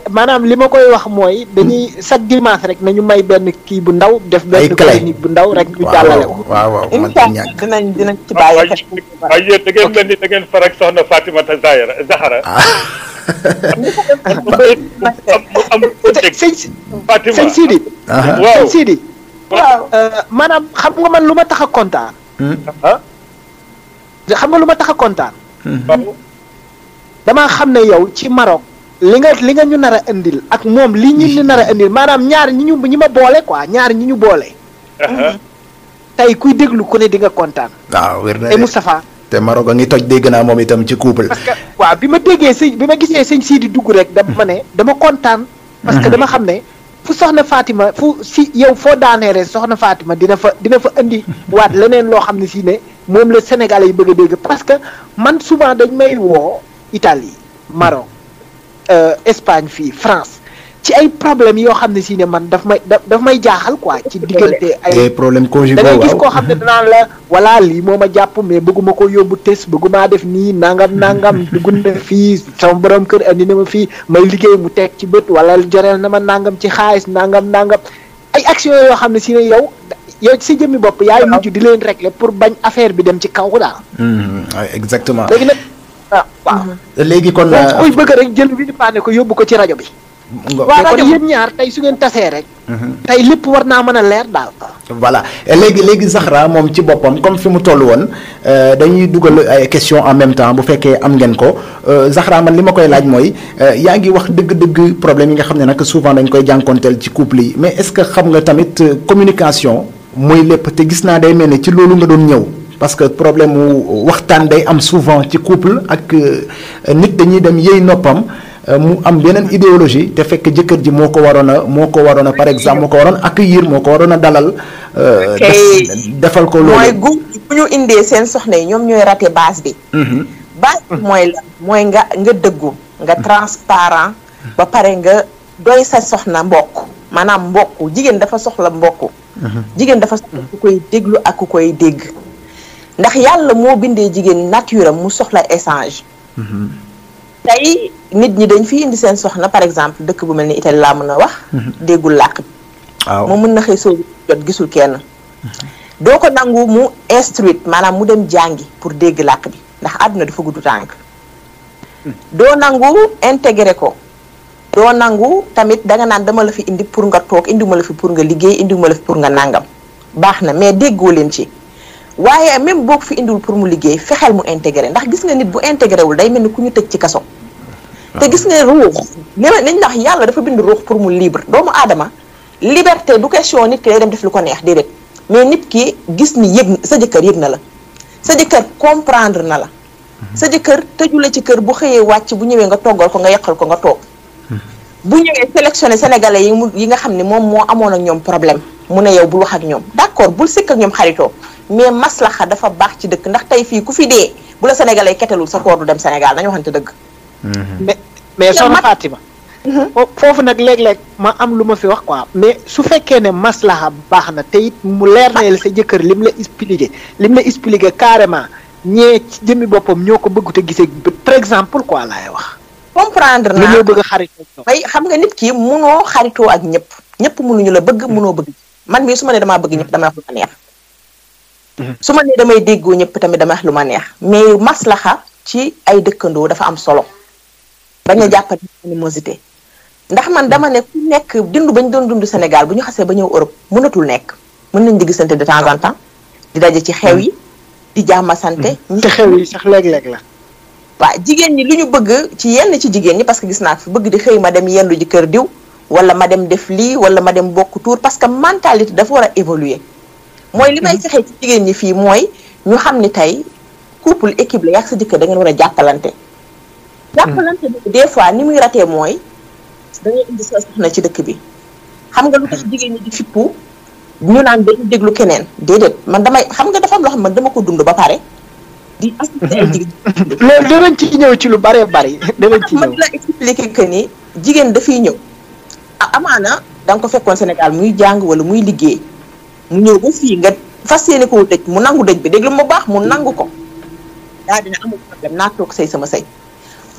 maanaam li ma koy wax mooy. dañuy chaque dimanche rek nañu may benn kii bu ndaw. def benn clinique bu ndaw rek. ñu jàllale ko waaw waaw man dinañ dinañ ci bàyyi xel. waaw soxna Fatimata Zahara. Ah. sëñ Sidi. waaw sëñ Sidi. waaw maanaam xam nga man lu ma tax a xam nga lu ma tax a kontaan. damaa xam ne yow ci Maroc li nga li nga ñu nar a indil ak moom li ñu nar a indil maanaam ñaar ñi ñu ñi ma boole quoi ñaar ñi ñu boole. tey kuy déglu ku ne di nga kontaan. waaw wér te Moustapha. te Maroc a ngi toj dégg naa moom itam ci couple. parce que waaw bi ma déggee sëñ bi ma gisee sëñ sii di dugg rek dama ne dama kontaan. parce que dama xam ne fu soxna faatima fu si yow foo daanee rek soxna faatima dina fa dina fa indi waat leneen loo xam ne si ne. moom la sénégal yi bëgg a dégg parce que man souvent dañ may woo Italie Maroc euh, Espagne fii France ci ay problèmes yoo xam ne si ne man daf may daf may jaaxal ko ci diggante ay problème conjugal da gis koo xam ne danaan la voilà lii moom ma jàpp mais bëgguma ko yóbbu test bëggumaa def nii nangam nangam dugg fii sama borom kër andi na ma fii may liggéey mu teg ci bët wala joreel na ma nangam ci xaalis nangam nangam ay action yoo xam ne si yow yow si jëmmi bopp yaay mujj di leen régler pour bañ affaire bi dem ci kaw daal. Mm-hmm. exactement léegi nag. waaw waaw. Mm-hmm. léegi kon. Euh, ku koy bëgg rek jël bi paane ko yóbbu ko ci rajo bi. waaw kon yéen ñaar tey su ngeen tasee rek. Mm-hmm. tey lépp war naa mën a leer daal. voilà léegi léegi Zahra moom ci boppam comme fi mu toll woon euh, dañuy dugal ay questions en même temps bu fekkee am ngeen ko euh, Zahra man li ma koy laaj mooy yaa ngi wax dëgg-dëgg problème yi nga xam ne nag souvent dañ koy jànkoonteel ci couple yi mais est-ce que xam nga tamit communication. muy lépp te gis naa day mel ni ci loolu nga doon ñëw parce que problème wu waxtaan day am souvent ci couple ak euh, nit dañuy dem yëy noppam euh, mu am beneen idéologie te fekk jëkkër ji moo ko waroon a moo ko waroon a par exemple ko waroon accueillir moo ko waroon a dalal. Euh, defal ko loolu. mooy gu bu ñu indee seen soxna yi ñoom ñooy raté baas bi. Mm-hmm. base bi mooy la mooy nga nga dëggu. nga transparent. ba pare nga doy sa soxna mbokk maanaam mbokk jigéen dafa soxla mbokk. jigéen dafa soxla ku koy déglu ak ku koy dégg ndax yàlla moo bindee jigéen nature am mu soxla échange tey nit ñi dañ fi indi seen soxna par exemple dëkk bu mel ni Italie laa mën a wax déggul làkk waaw moom mën na xëy soo jot gisul kenn doo ko nangu mu instruite maanaam mu dem jàngi pour dégg làkk bi ndax àdduna dafa gudd tànk doo nangu intégré ko doo nangu tamit danga naan dama la fi indi pour nga toog indiwuma la fi pour nga liggéey indiwuma la fi pour nga nangam baax na mais déggoo leen ci waaye même boo fi indiwul pour mu liggéey fexeel mu intégré ndax gis nga nit bu intégré wul day mel ni ku ñu tëj ci kaso ah. te gis nga ruux li nañ yàlla dafa bind ruux pour mu libre doomu aadama liberté du question nit ki def lu ko neex déedéet mais nit ki gis ni yëg sa jëkkër yëg na la sa jëkkër comprendre na la mm-hmm. sa jëkkër tëju la ci kër bu xëyee wàcc bu ñëwee nga toggal ko nga yàqal ko nga toog bu ñëwee sélectionné sénégalais yi mu yi nga xam ne moom moo amoon ak ñoom problème mu ne yow bul wax ak ñoom d'accord bul sikk ak ñoom xaritoo mais maslaxa dafa baax ci dëkk ndax tey fii ku fi dee bu la sénégalais ketelul sa koor du dem Sénégal nañu waxante dëgg. Mm-hmm. mais mais soxna Fatima. Mm-hmm. foofu nag léeg-léeg ma am lu ma fi wax quoi mais su fekkee ne maslaha baax na te it mu leer ne sa jëkkër lim la expliqué lim la expliqué carrément ñee ci jëmmi boppam ñoo ko bëgg te gisee par exemple quoi laay wax. comprendre naa ñoo bëgg a xaritoo xam nga nit ki munoo xaritoo ak ñëpp ñëpp munuñu la bëgg munoo bëgg man su ma ne damaa bëgg ñëpp dama wax mhm. su ma ne damay déggoo ñëpp tamit dama wax lu ma neex mais maslaxa ci ay dëkkandoo dafa am solo bañ a mhm. jàppal animosité ndax man dama ne nekk dund bañ doon dund Sénégal bu ñu xasee ba ñëw Europe mënatul nekk mën nañ di gisante de temps en temps di daje ci xew yi di jàmmasante mhm. te xew yi sax léeg-léeg la waaw jigéen ñi lu ñu bëgg ci yenn ci jigéen ñi parce que gis naa fi bëgg di xëy ma dem yendu ji diw wala ma dem def lii wala ma dem bokk tuur parce que mentalité dafa war a évoluer mooy li may fexee mhm. ci jigéen ñi fii mooy ñu xam ni tey couple équipe la yàgg sa jëkkër da war a jàppalante mhm. jàppalante bi des fois ni muy rate mooy da ngay indi sa soxna ci dëkk bi xam nga lu tax mhm. jigéen ñi di fippu ñu naan dañu déglu keneen déedéet man damay xam nga dafa am loo man dama ko dund ba pare di loolu danañ ci ñëw ci lu bëree bëri danañ ci ñëw. la expliqué que ni jigéen dafay ñëw ah, amaana da nga ko fekkoon Sénégal muy jàng wala muy liggéey mu ñëw ba fii nga fas yéene koo dëj mu nangu dëj bi déglu mu baax mu nangu ko daa dina amul problème naa toog sëy sama sëy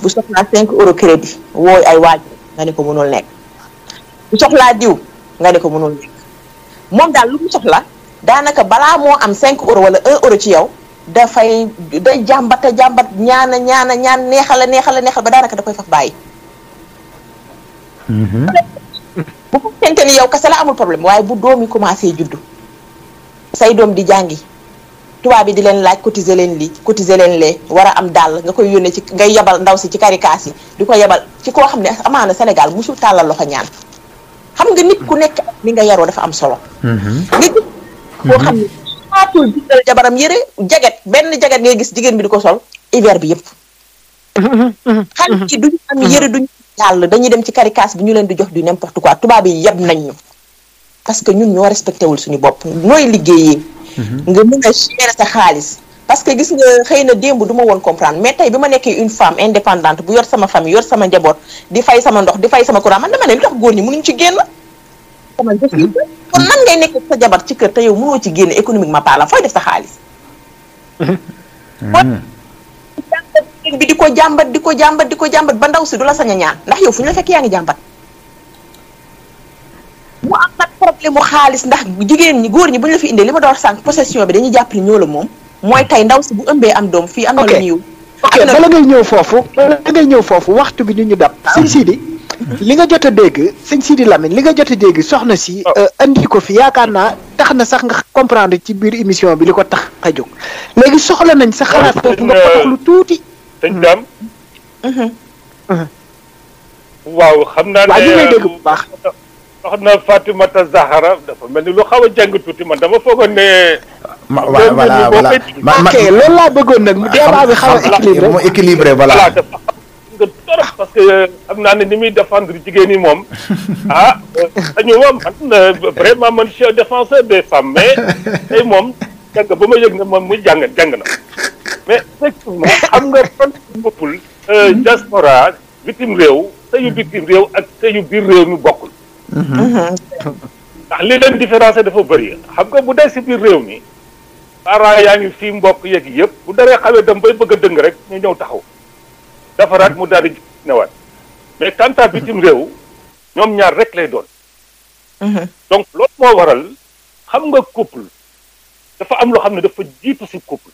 bu soxlaa 5 euro crédit wooy ay waajur nga ne ko mënul nekk bu soxlaa diw nga ne ko mënul nekk moom daal lu mu soxla daanaka balaa moo am 5 euro wala 1 euro ci yow. dafay day jàmbat jàmbat ñaana ñaana ñaan neexala neexala neexal ba daanaka da koy faf bàyyi. Mhm. bu fekkente ni yow kese amul problème waaye bu doom yi commencé juddu say doom di jàngi tubaab yi di leen laaj cotiser leen lii cotiser leen lee war a am dàll nga koy yónnee ci ngay yebal ndaw si ci karikaas yi di ko yebal ci koo xam ne amaana Sénégal musul tàllal loxo ñaan xam nga nit ku nekk li nga yaroo dafa am solo. Mhm. nga gis xam xaatul bindal jabaram yëre jaget benn jaget ngay gis jigéen bi di ko sol hiver bi yëpp. xale yi duñu am yëre duñu yàlla dañuy dem ci caricas bi ñu leen di jox du n'importe quoi tubaab yi yeb nañ ñu. parce que ñun ñoo respecté wul suñu bopp nooy liggéeyee. Mhm. nga mën a gérer sa xaalis. parce que gis nga xëy na démb du ma woon comprendre mais tey bi ma nekkee une femme indépendante bu yor sama famille yor sama njaboot di fay sama ndox di fay sama courant man dama ne lu tax góor ñi mënuñ xamante fii mhm. kon nan ngay nekk sa jabar ci kër te yow mënoo ci génne économiquement parlant fooy def sa xaalis mhm. kon bi di ko jàmbat di ko jàmbat di ko jàmbat ba ndaw si du la sañ a ñaan ndax yow fu ñu la fekk yaa ngi jàmbat mu am nag problème xaalis ndax jigéen ñi góor ñi bu ñu la fi indee li ma door sànq possession bi dañuy jàpp ni ñoo la moom mooy tey ndaw si bu ëmbee am doom fii am na la ñuy ok bala ngay foofu bala ngay ñëw foofu waxtu bi ñu ñu dab ah. si si di li nga jot a dégg sëñ Sidi Lamine li nga jot a dégg soxna si. Oh. Euh, andi ko fi yaakaar naa tax na sax nga comprendre ci biir émission bi li ko tax a léegi soxla nañ sa xalaat boobu nga ko lu tuuti. sëñ Dame. Mm-hmm. Mm-hmm. waaw xam naa ne waaw ñu lay dégg bu baax. soxna Fatimata Zahara dafa mel ni lu xaw a jàng tuuti man dama foogoon ne. ma voilà voilà ok loolu laa bëggoon nag. mu débat bi xaw a équilibré mu équilibré voilà. nga parce que euh, am naa ne ni muy défendre jigéen ñi moom ah euh, dañu moom man euh, vraiment man je suis défenseur des femmes mais tey moom jàng ba ma yëg ne moom muy jàng jàng na mais effectivement am nga fan bokkul mm-hmm. diaspora bitim réew sëyu mm-hmm. bitim réew ak sëyu biir réew mi bokkul mm-hmm. ndax li leen différence dafa bëri xam nga bu dee si biir réew mi parents yaa ngi fii mbokk yeeg yëpp bu daree xawee dem bay bëgg dëng rek ñu ñëw taxaw defaraat mu daal di newaat mais quant à bitim réew ñoom ñaar rek lay doon. Mhm. donc loolu moo waral xam nga couple dafa am loo xam ne dafa jiitu si couple.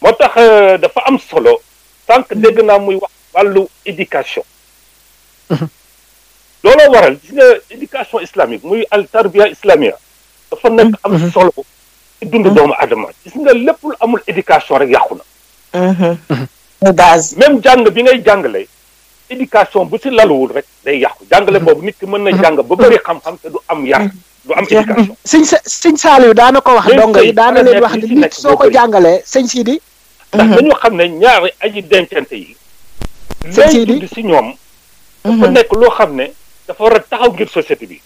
moo tax euh, dafa am solo sànq dégg naa muy wax wàllu éducation. Mhm. looloo waral gis nga éducation islamique muy al tarbiya islamia dafa nekk am mhm. solo ci dund doomu adama gis nga lépp lu amul éducation rek yàqu na. base même jàng bi ngay jàngale éducation bu si laluwul rek day yàqu jàngale mm-hmm. boobu nit ki mën na jàng ba bëri xam-xam te du am yar mm-hmm. du am éducation sëñ sëñ Saliou daana ko wax donga yi daana leen wax ni nit soo ko jàngalee sëñ Sidi ndax mm-hmm. dañu xam ne ñaari aji dencante yi sëñ si ñoom dafa nekk loo xam ne dafa war a taxaw ngir société bi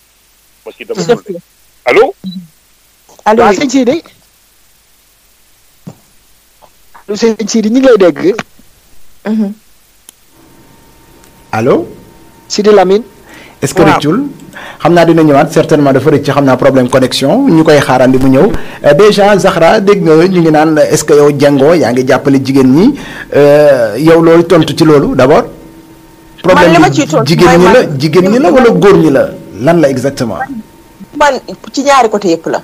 ma si dama allo allo sëñ Sidi allo ñu ngi dégg Mm-hmm. allo. Sidi Lamine. est ce que rëccul xam naa dina ñëwaat certainement dafa rëcc xam naa problème connexion ñu koy xaarandi mu ñëw euh, déjà Zahra dégg nga ñu ngi naan est ce que yow Django yaa ngi jàppale jigéen ñi euh, yow loolu tontu ci loolu d' abord. problème bi jigéen ñi la jigéen ñi la wala góor ñi la lan la exactement. man ci ñaari côté yëpp la.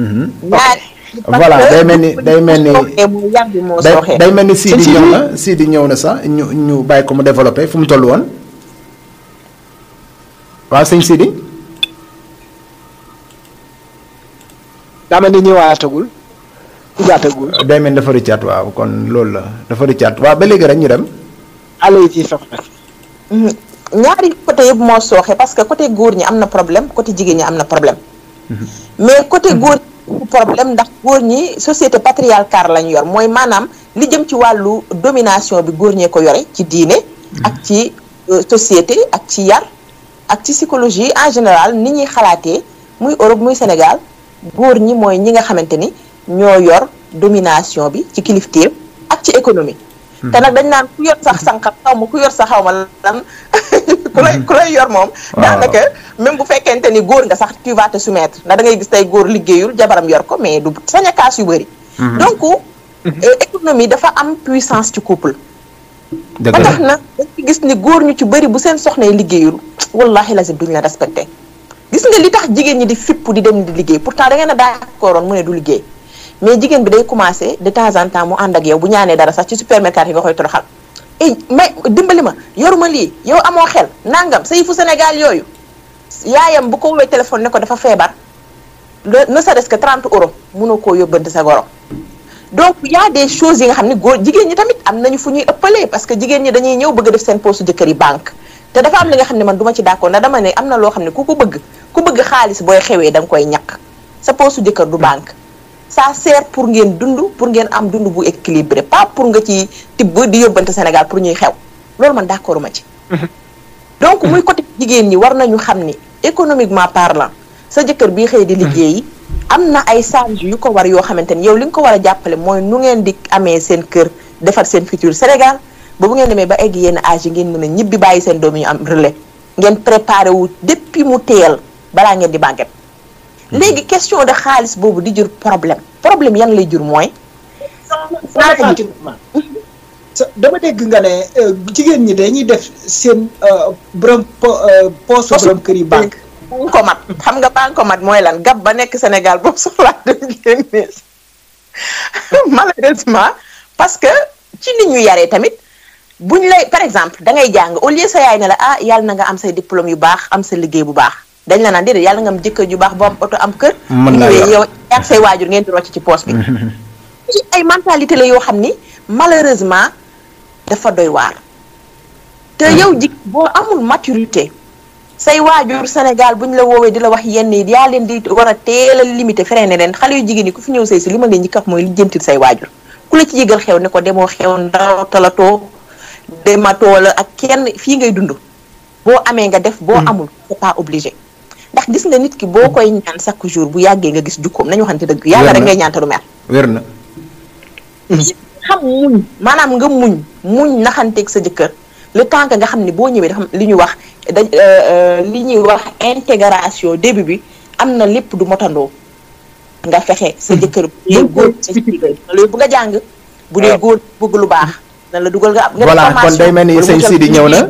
Mm-hmm. voilà day mel ni day mel ni day mel ni Sidi ñëw na Sidi ñëw na sax ñu ñu bàyyi ko mu développé fu mu toll woon waaw sëñ Sidi. dama ni ñëwaatagul ñëwaatagul. day mel ni dafa rëccaat waaw kon loolu la dafa rëccaat waaw ba léegi rek ñu dem. allo yi ciy soxna. Hmm, ñaari côté yëpp moo sooxe parce que côté góor ñi am na problème côté jigéen ñi am na problème. Hmm. mais côté hmm. góor. problème ndax góor ñi société patriarcale lañ yor mooy maanaam li jëm ci wàllu domination bi góor ñee ko yore ci diine ak ci euh, société ak ci yar ak ci psychologie en général ni ñuy xalaatee muy Europe muy Sénégal góor ñi mooy ñi nga xamante ni ñoo yor domination bi ci kilifteef ak ci économie hmm. te nag dañ naan ku yor sax sànqam xaw ma ku yor sax xaw ma lan ku lay ku lay yor moom daanaka même bu fekkente ni góor nga sax tu vas te soumettre ndax da ngay gis tey góor liggéeyul jabaram yor ko mais du sañ a kaas yu bëri mhm. donc euh, économie dafa am puissance ci couple ba tax na dañu gis ni góor ñu ci bëri bu seen soxnay liggéeyul wallahi lazim duñ la respecté gis nga li tax jigéen ñi di fipp di dem di liggéey pourtant da ngeen a d'accordoon mu ne du liggéey mais jigéen bi day commencé de temps en temps mu ànd ak yow bu ñaanee dara sax eh mais dimbali ma yoruma lii yow amoo xel nangam sa yëfu senegal yooyu yaayam bu ko woowee téléphone ne ko dafa feebar ne serait-ce que 30 euros mënoo koo yóbbante sa goro. donc y a des yi nga xam ne góor jigéen ñi tamit am nañu fu ñuy ëppalee parce que jigéen ñi dañuy ñëw bëgg def seen poste jëkkër yi banque te dafa am li nga xam ne man duma ci d'accord ndax dama ne am na loo xam ne ku ko bëgg ku bëgg xaalis booy xewee danga koy ñàkk sa poste jëkkër du banque. ça sert pour ngeen dund pour ngeen am dund bu équilibré pas pour nga ci tibb di yóbbante Sénégal pour ñuy xew loolu man d'accord ma ci. donc muy côté jigéen ñi war nañu xam ni économiquement parlant sa jëkkër bii xëy di hmm. liggéeyi. am na ay charges yu ko war yoo xamante ni yow li nga ko war a jàppale mooy nu ngeen di amee seen kër defar seen futur Sénégal ba bu ngeen demee ba egg yenn âge yi mun mën a ñibbi bàyyi seen doom yi ñu am relais ngeen préparé wu depuis mu teel balaa ngeen di màgget. Mhm. léegi question de xaalis boobu di jur problème problème yan lay jur mooy. dama dégg nga ne euh, jigéen ñi dañuy def seen euh, borom euh, poosu borom kër yi banque. bankomat xam nga bankomat mooy lan gab ba nekk Sénégal boobu soxlaa dem génne malheureusement parce que ci li ñu yaree tamit buñ lay par exemple dangay jàng au lieu sa yaay ne la ah yàlla na nga am say diplôme yu baax am sa liggéey bu baax. dañ la naan de yàlla nga am jëkkër ju baax boo am oto am kër. mën naa yow ak say waajur ngeen di rocc ci poos bi. ci ay mentalité la yoo xam ni malheureusement dafa doy waar. te hmm. yow jik boo amul maturité. say waajur Sénégal bu ñu la woowee di la wax yenn yi yaa leen di war a teel a limité freiné leen xale yu jigéen yi ku fi ñëw say si li ma leen ñi kaf mooy li jëntil say waajur ku la ci yëgal xew ne ko demoo xew ndaw talatoo dematoo la ak kenn fii ngay dund boo amee nga def boo hmm. amul c'est obligé ndax gis nga nit ki boo koy ñaan chaque jour bu yàggee nga gis jukkoom nañu waxante dëgg yàlla rek ngay ñaan te du mer wér na xam muñ maanaam nga muñ muñ naxanteeg sa jëkkër le temps que nga xam ni boo ñëwee dafa li ñuy wax da euh, euh, li ñuy wax intégration début bi am na lépp du motandoo nga fexe sa hmm. jëkkër bu dee góor bu nga jàng bu dee góor bëgg lu baax na la dugal nga am voilà kon day mel ni sëñ Sidi ñëw na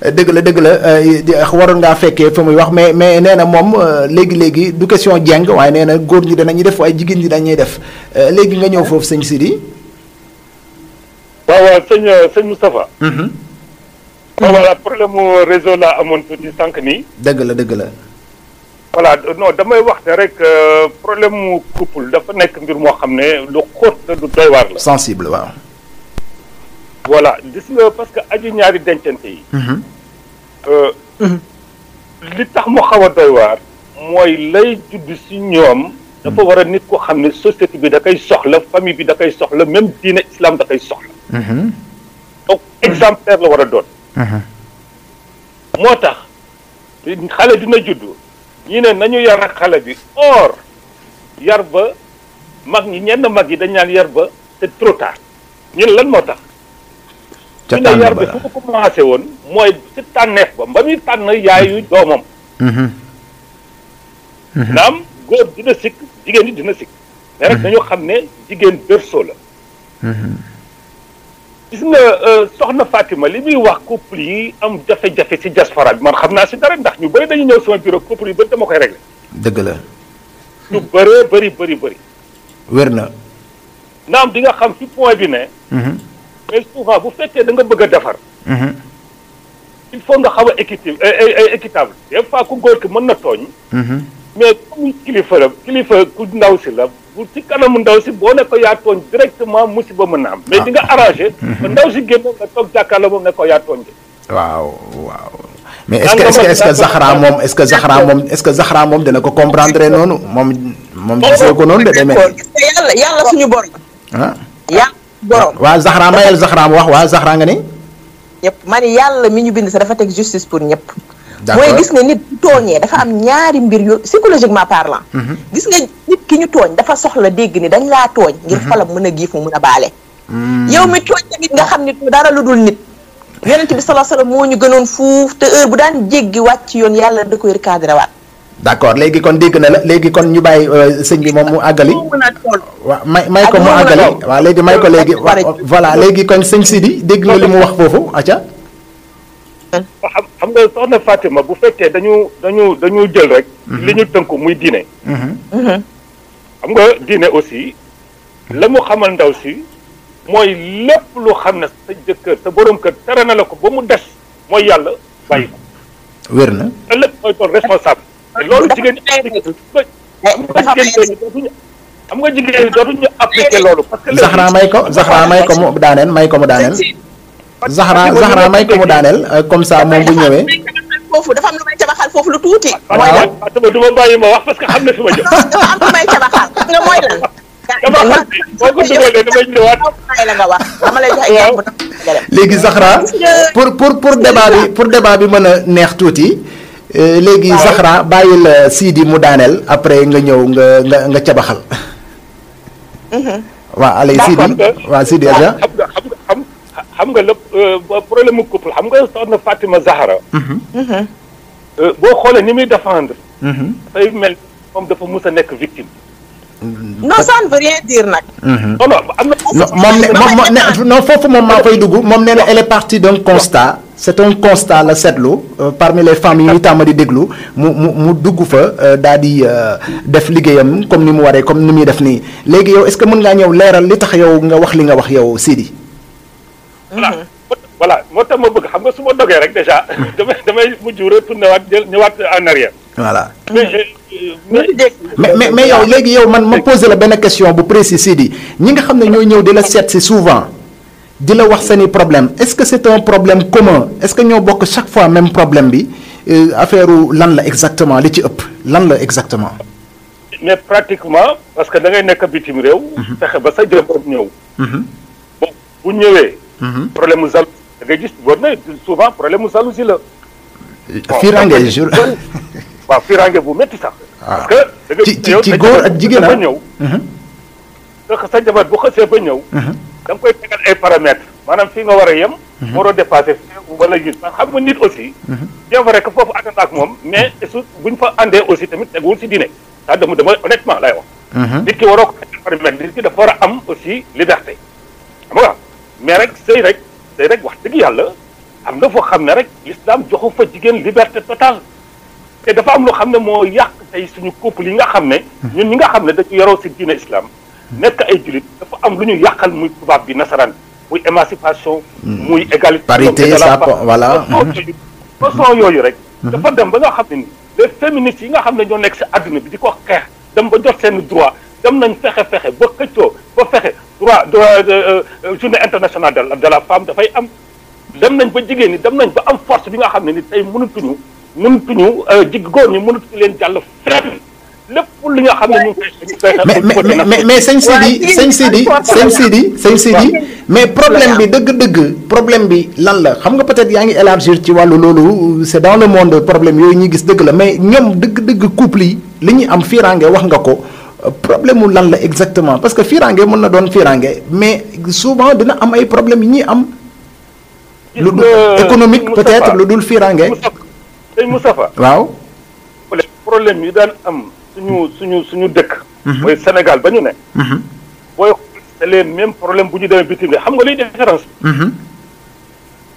dëgg la dëgg la euh, ah, waroon ngaa fekkee fa muy wax mais mais nee na moom euh, léegi léegi du question jeng waaye nee na góor ñi danañuy def waaye jigéen ñi dañuy def euh, léegi nga ñëw foofu sëñ Sidi. waaw waaw sëñ sëñ Moustapha. Mm-hmm. voilà problème mu réseau la amoon tuuti sànq nii. dëgg la dëgg la. voilà damay wax ne rek problème mu couple dafa nekk mbir moo xam ne lu xóot la lu doy waar la. sensible waaw. voilà gis nga parce que aju ñaari dencante yi. Mhm. Euh, mhm. li tax mu xaw a doy waar. mooy lay judd si ñoom. dafa mhm. war a nit ko xam ne société bi da soxla famille bi da soxla même diine islam da koy soxla. donc exemplaire la war a doon. moo tax xale dina judd ñu ne nañu yar ak xale bi or yar ba mag ñi ñenn mag yi dañ naan yar ba c'est trop tard ñun lan moo tax. ca tànn ba yar bi fu ko woon mooy ci tànneef ba ba muy tànn yaayu mm-hmm. doomam. Mm-hmm. Mm-hmm. naam góor dina sikk jigéen ñi dina sikk. mais rek dañoo xam ne jigéen berceau la. gis nga euh, soxna Fatima li muy wax couple yi am jafe-jafe ci diaspora bi man xam naa ci dara ndax ñu bëri dañu ñëw sama bureau couple yi bëri dama koy régler. dëgg la. ñu bëree bëri bëri bëri. na. naam di nga xam fi point bi ne. mais souvent bu fekkee da bëgg a defar. Mhm. il faut nga xam a équité euh, euh, euh, équitable des fois ku góor ki mën na tooñ. Mhm. mais comme kilifa kilifa ku ndaw si la bu ci kanamu ndaw si boo ne ko yaa tooñ directement musiba mën na am. mais ah. di nga arrangé. Mhm. ba ndaw si génn nga toog jàkkaarloo moom ne yaa tooñ. waaw waaw. mais est-ce que est-ce que Zahra moom est-ce que Zahra moom est-ce que Zahra moom dina ko comprendre noonu moom moom gisoo ko noonu de demee. yàlla yàlla suñu borom waa Zahra ma Zahra mu wax waa Zahra nga ni. ñëpp ma yàlla mi ñu bind sax dafa teg justice pour ñëpp. mooy gis nga nit tooñee dafa am ñaari mbir yu psychologiquement parlant. Mhm. gis nga nit ki ñu tooñ dafa soxla dégg ni dañ laa tooñ. ngir mhm. xolam mën a giif mu mën a baale. Mm. yow mi tooñ nit nga xam ni dara lu dul nit. yonent bi sallallahu alayhi moo ñu gënoon fuuf te heure bu daan jéggi wàcc yoon yàlla da koy recadré waat. d'accord léegi kon dégg na la léegi kon ñu bàyyi euh, sëñ bi moom mu àggali waaw may may ko mu àggali waaw léegi may ko léegi voilà léegi kon sëñ Sidi dégg na li mu wax foofu acca xam nga soxna Fatima bu fekkee dañu dañu dañu jël rek mhm. li ñu tënku muy diine mhm. Mhm. xam nga diine aussi la mu xamal ndaw si mooy lépp lu xam ne sa jëkkër sa borom kër tere na la ko ba mu des mooy yàlla bàyyi ko wér na ëllëg mooy tool responsable loolu jigéen ñi xam nga jigéen ñi dootuñu appliqué loolu. parce que Zahra may ko Zahra may ko mu daaneel may ko mu daaneel. Zahra Zahra may ko mu daaneel comme ça moom bu ñëwee. foofu dafa am lu may tabaxal foofu lu tuuti. mooy lan waaw du que xam na fi ma jëm. dafa am lu may tabaxal léegi Zahra pour pour pour débat bi pour débat bi mën a neex tuuti. Euh, léegi Zahra la euh, Sidi mu daaneel après nga ñëw nga nga nga cabaxal. Mhm. waaw allez Sidi waaw Sidi Adja. xam nga xam nga lépp euh, problème mu couple xam nga soxna Fatima Zahra. Mhm. Mhm. boo xoolee ni muy défendre. dafay mel moom dafa mus a nekk victime. non ça ne veut rien nag. moom ne moom ne non foofu moom maa fay dugg moom nee na elle est constat. c'est un constat la seetlu euh, parmi les femmes yi ñuy ma di déglu mu mu mu dugg fa euh, daal di euh, def liggéeyam comme ni mu waree comme ni muy def nii léegi yow est-ce que mën ngaa ñëw leeral li tax yow nga wax li nga wax yow Sidi. voilà voilà moo xam nga su ma dogee rek déjà. damay damay mujj retourné waat voilà. mais mais mais yow léegi yow man ma posé la benn question bu précis Sidi ñi nga xam ne ñooy ñëw di la seet si souvent. di la wax seeni i problème est-ce que c'est un problème commun est-ce que ñoo bokk chaque fois même problème bi euh, affaire lan la exactement li ci ëpp lan la exactement. mais pratiquement parce que da ngay nekk bitim réew. Mhm. fexe ba sa jëkkër ñëw. Mhm. bon bu ñëwee. Mhm. problème mu jalousie da ngay gis problème mu jalousie la. Euh, firange jour waaw firange bu métti sax. Ah. parce que da ngay ak jigéen ñëw. sa jabar bu xasee ba ñëw. da koy tegal ay paramètres maanaam fii nga war a yem. Mhm. waroo dépassé wala ñun parce xam nga nit aussi. Mhm. bien vrai que foofu ànd ak moom mais mhm. su buñ fa àndee aussi tamit teguwul si diine ça dama dama honnêtement lay wax. nit ki waroo ko tegal paramètres nit ki dafa war a am aussi liberté. xam nga mais rek sëy rek sëy rek wax dëgg yàlla am na foo xam ne rek l'islam joxu fa jigéen liberté totale. te dafa am loo xam ne moo yàq tey suñu couple yi nga xam ne. ñun ñi nga xam ne dañu yaroo si diine islam. nekk ay jullit dafa am lu ñu yàqal muy tubaab bi nasaraan muy émancipation. Hmm. muy égalité parité ça voilà. Hmm. façon yooyu rek. Hmm. dafa dem ba nga xam ne ni les féministes yi nga xam ne ñoo nekk si àdduna bi di ko xeex dem ba jot seen droit dem nañ fexe fexe ba xëccoo ba fexe droit euh, euh, journée internationale de de la femme dafay am. dem nañ ba jigéen ñi dem nañ ba am force bi nga xam ne ni tey mënatuñu mënatuñu euh, jig góor ñi mënatuñu leen jàll fenn li nga xam ne mais mais sëñ Sidi sëñ Sidi sëñ Sidi mais problème bi dëgg-dëgg problème bi lan la xam nga peut-être yaa ngi élargir ci wàllu loolu c'est dans le monde problème yooyu ñuy gis dëgg la mais ñoom dëgg-dëgg couple yi li ñuy am fiiraange wax nga ko problème mu lan la exactement parce que fiiraange mën na doon fiiraange mais souvent dina am ay problème yi ñuy am. lu dul économique peut-être lu dul fiiraange. Moustapha waaw. suñu suñu suñu dëkk. Mhm. mooy Sénégal ba ñu ne. Mhm. booy c'est les mêmes problèmes bu ñu demee bitim xam nga liy différence bi. Mhm.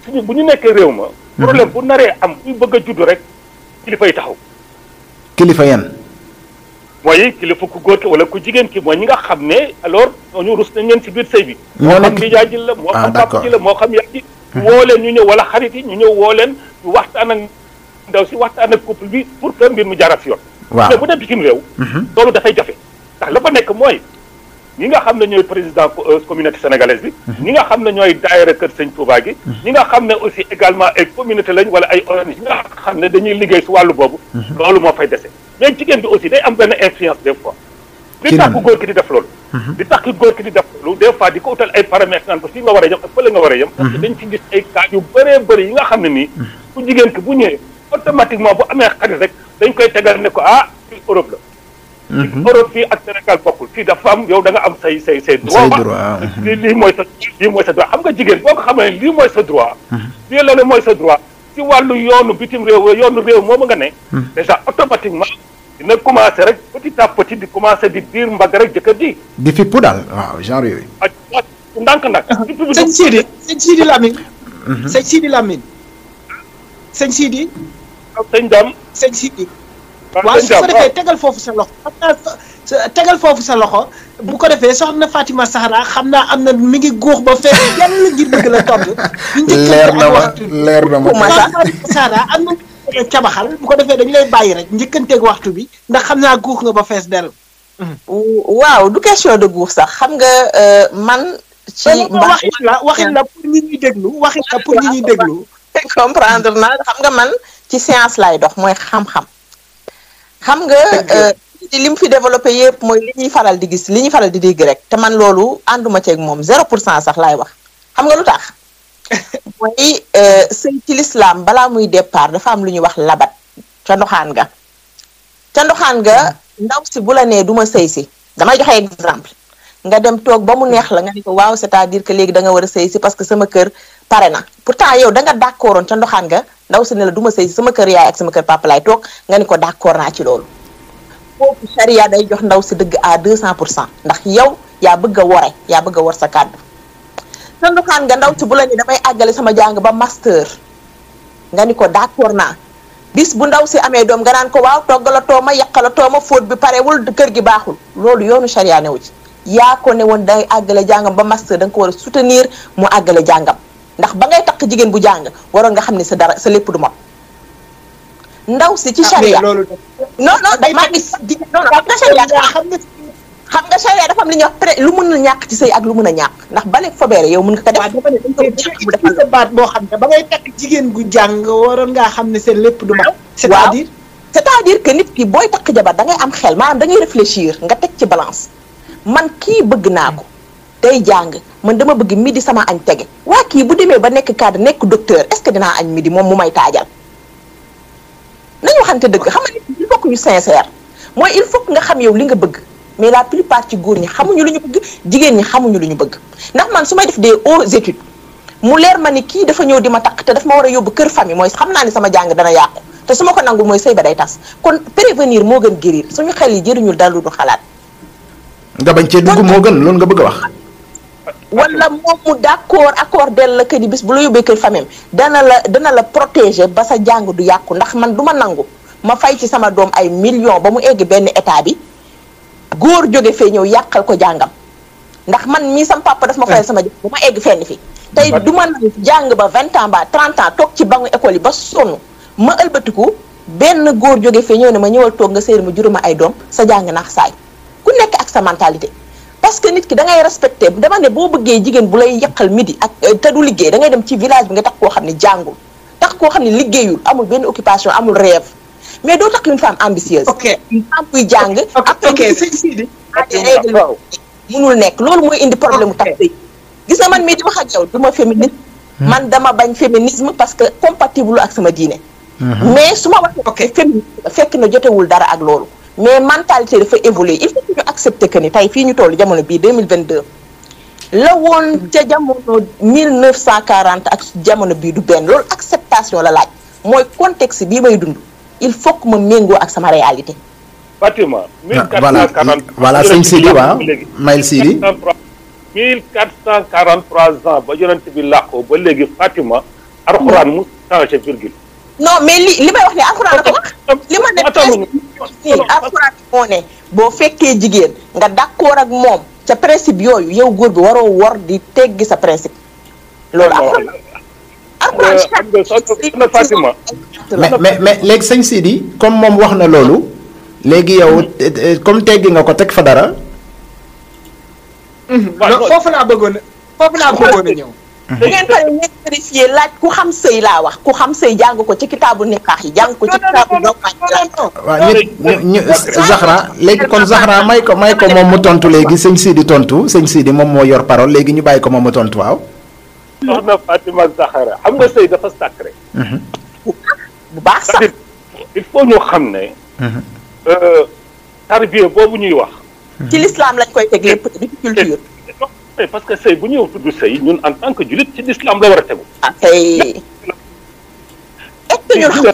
suñu bu ñu nekkee réew ma. problème bu naree am buy bëgg a judd rek kilifa yi taxaw. kilifa yan. mooy kilifa ku góor ki wala ku jigéen ki mooy ñi nga xam ne alors ñu rus nañ leen ci biir sëy bi. moo nekk moo xam nijaay ji la moo ah, xam moo xam yaay ji. woo leen ñu ñëw wala xarit yi ñu ñëw woo leen ñu waxtaan ak ndaw si waxtaan ak couple bi pour que mbir mu jaarat si yoon. waaw mais bu dem bitim réew. Mhm. loolu dafay jafe ndax la fa nekk mooy ñi nga xam ne ñooy président euh, communauté sénégalaise bi. Mhm. ñi nga xam ne ñooy daayira kër sëñ Touba gi. Mhm. ñi nga xam ne aussi également ay communauté lañ wala ay organisme ñi nga xam ne dañuy liggéey si wàllu boobu. loolu moo fay dese mais jigéen bi aussi day am benn influence des fois. di tax ku góor ki di def loolu. di tax ki di def loolu des fois di ko utal ay paramètres naan ko fii nga war a yem ak fële nga war a yem. parce que bëri yi nga xam ne nii. ku jigéen bu ñëwee automatiquement bu amee xarit rek dañ koy tegal ko ah fii Europe la. Mhm. Europe fii ak Sénégal bokkul fii dafa am yow da am say say say. droit li ah, mhm. lii mooy sa lii droit xam ga jigéen boo ko xamee lii mooy sa droit. Mhm. lii la ne mooy sa droit ci wàllu yoonu bitim réew yoonu moo moomu nga ne. déjà automatiquement. dina commencé rek petit à petit di commencé di diir mbagg rek jëkkër ji. di fippu daal waaw genre yooyu. a ndànk. Uh-huh. sëñ Sidi sëñ Sidi Lamine. sëñ Sidi Lamine. sëñ sëñ Dame sëñ Sidi waaw su ko defee tegal foofu sa loxo xam naa tegal foofu sa loxo bu ko defee soxna Fatima Sahra xam naa am na mi ngi guux ba fees yàlla ngir bëgg la tomb leer na ma soxna Fatima Sahra am na cabaxal bu ko defee dañu lay bàyyi rek njëkkanteeg waxtu bi ndax xam naa guux nga ba fees del waaw du question de guux sax xam nga euh, man ci waxin la waxin la pour ñi ñuy déglu waxin la pour ñi ñuy déglu comprendre naa xam nga man ci science laay dox mooy xam-xam xam nga euh, li mu fi développé yëpp mooy li ñuy faral di gis li ñuy faral di dégg rek te man loolu ànduma ceeg moom zéro pour cent sax laay wax xam nga lu tax mooy euh, sëy ci lislaam balaa muy départ dafa am lu ñuy wax labat ca ndoxaan ga ca ndoxaan nga hmm. ndaw si bu la nee duma ma sëy si damay joxe exemple nga dem toog ba mu neex la nga ne ko waaw c'est-à-dire que léegi danga nga war a sëy si parce que sama kër pare na pourtant yow danga nga d'accordoon ca ndoxaan nga ndaw si ne la du ma sama kër yaay ak sama kër papa laay toog nga ne ko naa ci loolu foofu charia day jox ndaw si dëgg à 200 pour cent ndax yow yaa bëgg a yaa bëgg a war sa kàddu sa ndoxaan nga bu la ni damay àggale sama jàng ba master nga ni ko d'accord naa bis bu ndaw si amee doom nga naan ko waaw toggalatoo ma yàqalatoo ma fóot bi parewul kër gi baaxul loolu yoonu charia newu ci yaa ko ne woon day àggale jàngam ba master da nga ko war a soutenir mu àggale jàngam ndax ba ngay takk jigéen bu jàng waroon nga xam ne sa dara sa lépp du mot. si ci ah, charia non non day maa gis jigéen non non xam nga charia dafa am li ñuy wax pré lu mun a ñàkk ci sëy ak lu a ñàkk ndax bale fobeere yow mun nga ko def. waaw dafa ne baat boo xam ne ngay takk jigéen gu jàng waroon ngaa xam ne seen lépp du mot. c'est-à-dire cest que nit ki booy takk jabar da ngay am xel maanaam da ngay réfléchir nga teg ci balance man kii bëgg naa ko day jàng man dama bëgg midi sama añ tege waa kii bu demee ba nekk cadre nekk docteur est-ce que dinaa añ midi moom mu may taajal nañu waxante dëgg xam nga il faut que ñu sincère mooy il faut nga xam yow li nga bëgg mais la plupart ci góor ñi xamuñu lu ñu bëgg jigéen ñi xamuñu lu ñu bëgg ndax man su may def dee hautes études mu leer ma ni kii dafa ñëw di ma takk te daf ma war a yóbbu kër famille mooy xam naa ni sama jàng dana yàqu te su ma ko nangul mooy sëy ba tas kon prévenir moo gën guérir suñu xel yi jëriñul dara lu du nga bañ cee dugg moo gën loolu nga bëgg a wax. wala moom mu d'accord accordé la que ni bis bu la yóbbee kër famem dana la dana la protéger ba sa jàng du yàqu ndax man du ma nangu ma fay ci sama doom ay millions ba mu egg benn état bi góor jóge fee ñëw yàqal ko jàngam ndax man mii sam papa daf ma fayal sama jàng bu ma egg fenn fi tey du ma nangu jàng ba vingt ans ba trente ans toog ci bangu école yi ba sonn ma ëlbatiku benn góor jóge fee ñëw ne ma ñëwal toog nga séer ma juróoma ay doom sa jàng naax saay sa mentalité parce que nit ki da ngay respecté dama ne boo bëggee jigéen bu lay yàqal midi ak euh, te du liggéey da ngay dem ci village bi nga tax koo xam ne jàngul tax koo xam ne liggéeyul amul benn occupation amul rêve mais doo tax une femme ok une femme buy jàng. ok ok sëñ Sidi. nekk loolu mooy indi problème mu tax gis na man mii di wax ak ma féministe. Hmm. man dama bañ féminisme parce que compatible ak sama diine. Hmm. mais su ma ok féminisme fekk na jotewul dara ak loolu. mais mentalité dafa évoluer il faut que ñu accepter que ni tey fii ñu toll jamono bii 2022 la woon ca jamono quarante ak jamono bii du benn loolu acceptation la laaj mooy contexte bii may dund il faut que ma méngoo ak sama réalité. Fatima. 1440 ah, voilà sëñ Sidi waaw Mayel Sidi. 1443 ans ba yonent bi làqoo ba léegi Fatima. alxuraan mu changé virgule. no mais li li may wax ne alxuraan ko wax li ma ne fii alxuraan moo ne boo fekkee jigéen nga d'accord ak moom ca principe yooyu yow góor bi waroo wor di teggi sa principe loolu alxuraan mais mais léegi sëñ Sidi comme moom wax na loolu léegi yow comme teggi nga ko teg fa dara. foofu laa bëggoon foofu laa bëggoon a ñëw. da mhm. ngeen pare nekk vérifier laaj ku xam sëy laa wax ku xam sëy jàng ko ci kitaabu nekkaax yi jàng ko ci kitaabu doxaat waaw ñu Zahra léegi kon Zahra may ko may ko moom mu tontu léegi sëñ Sidi tontu sëñ Sidi moom moo yor parole léegi ñu bàyyi ko moom mu tontu waaw. soxna Fatima Zahra xam nga sëy dafa mhm. bu baax sax il faut xam ne. Mhm. Euh, tarbiya boobu ñuy wax. ci lislaam lañ koy teg lépp culture. mais eh, parce que sëy bu ñëw tudd sëy ñun en tant que julit ci l'islam la war a tegu. ah tey. est ce que ñun xam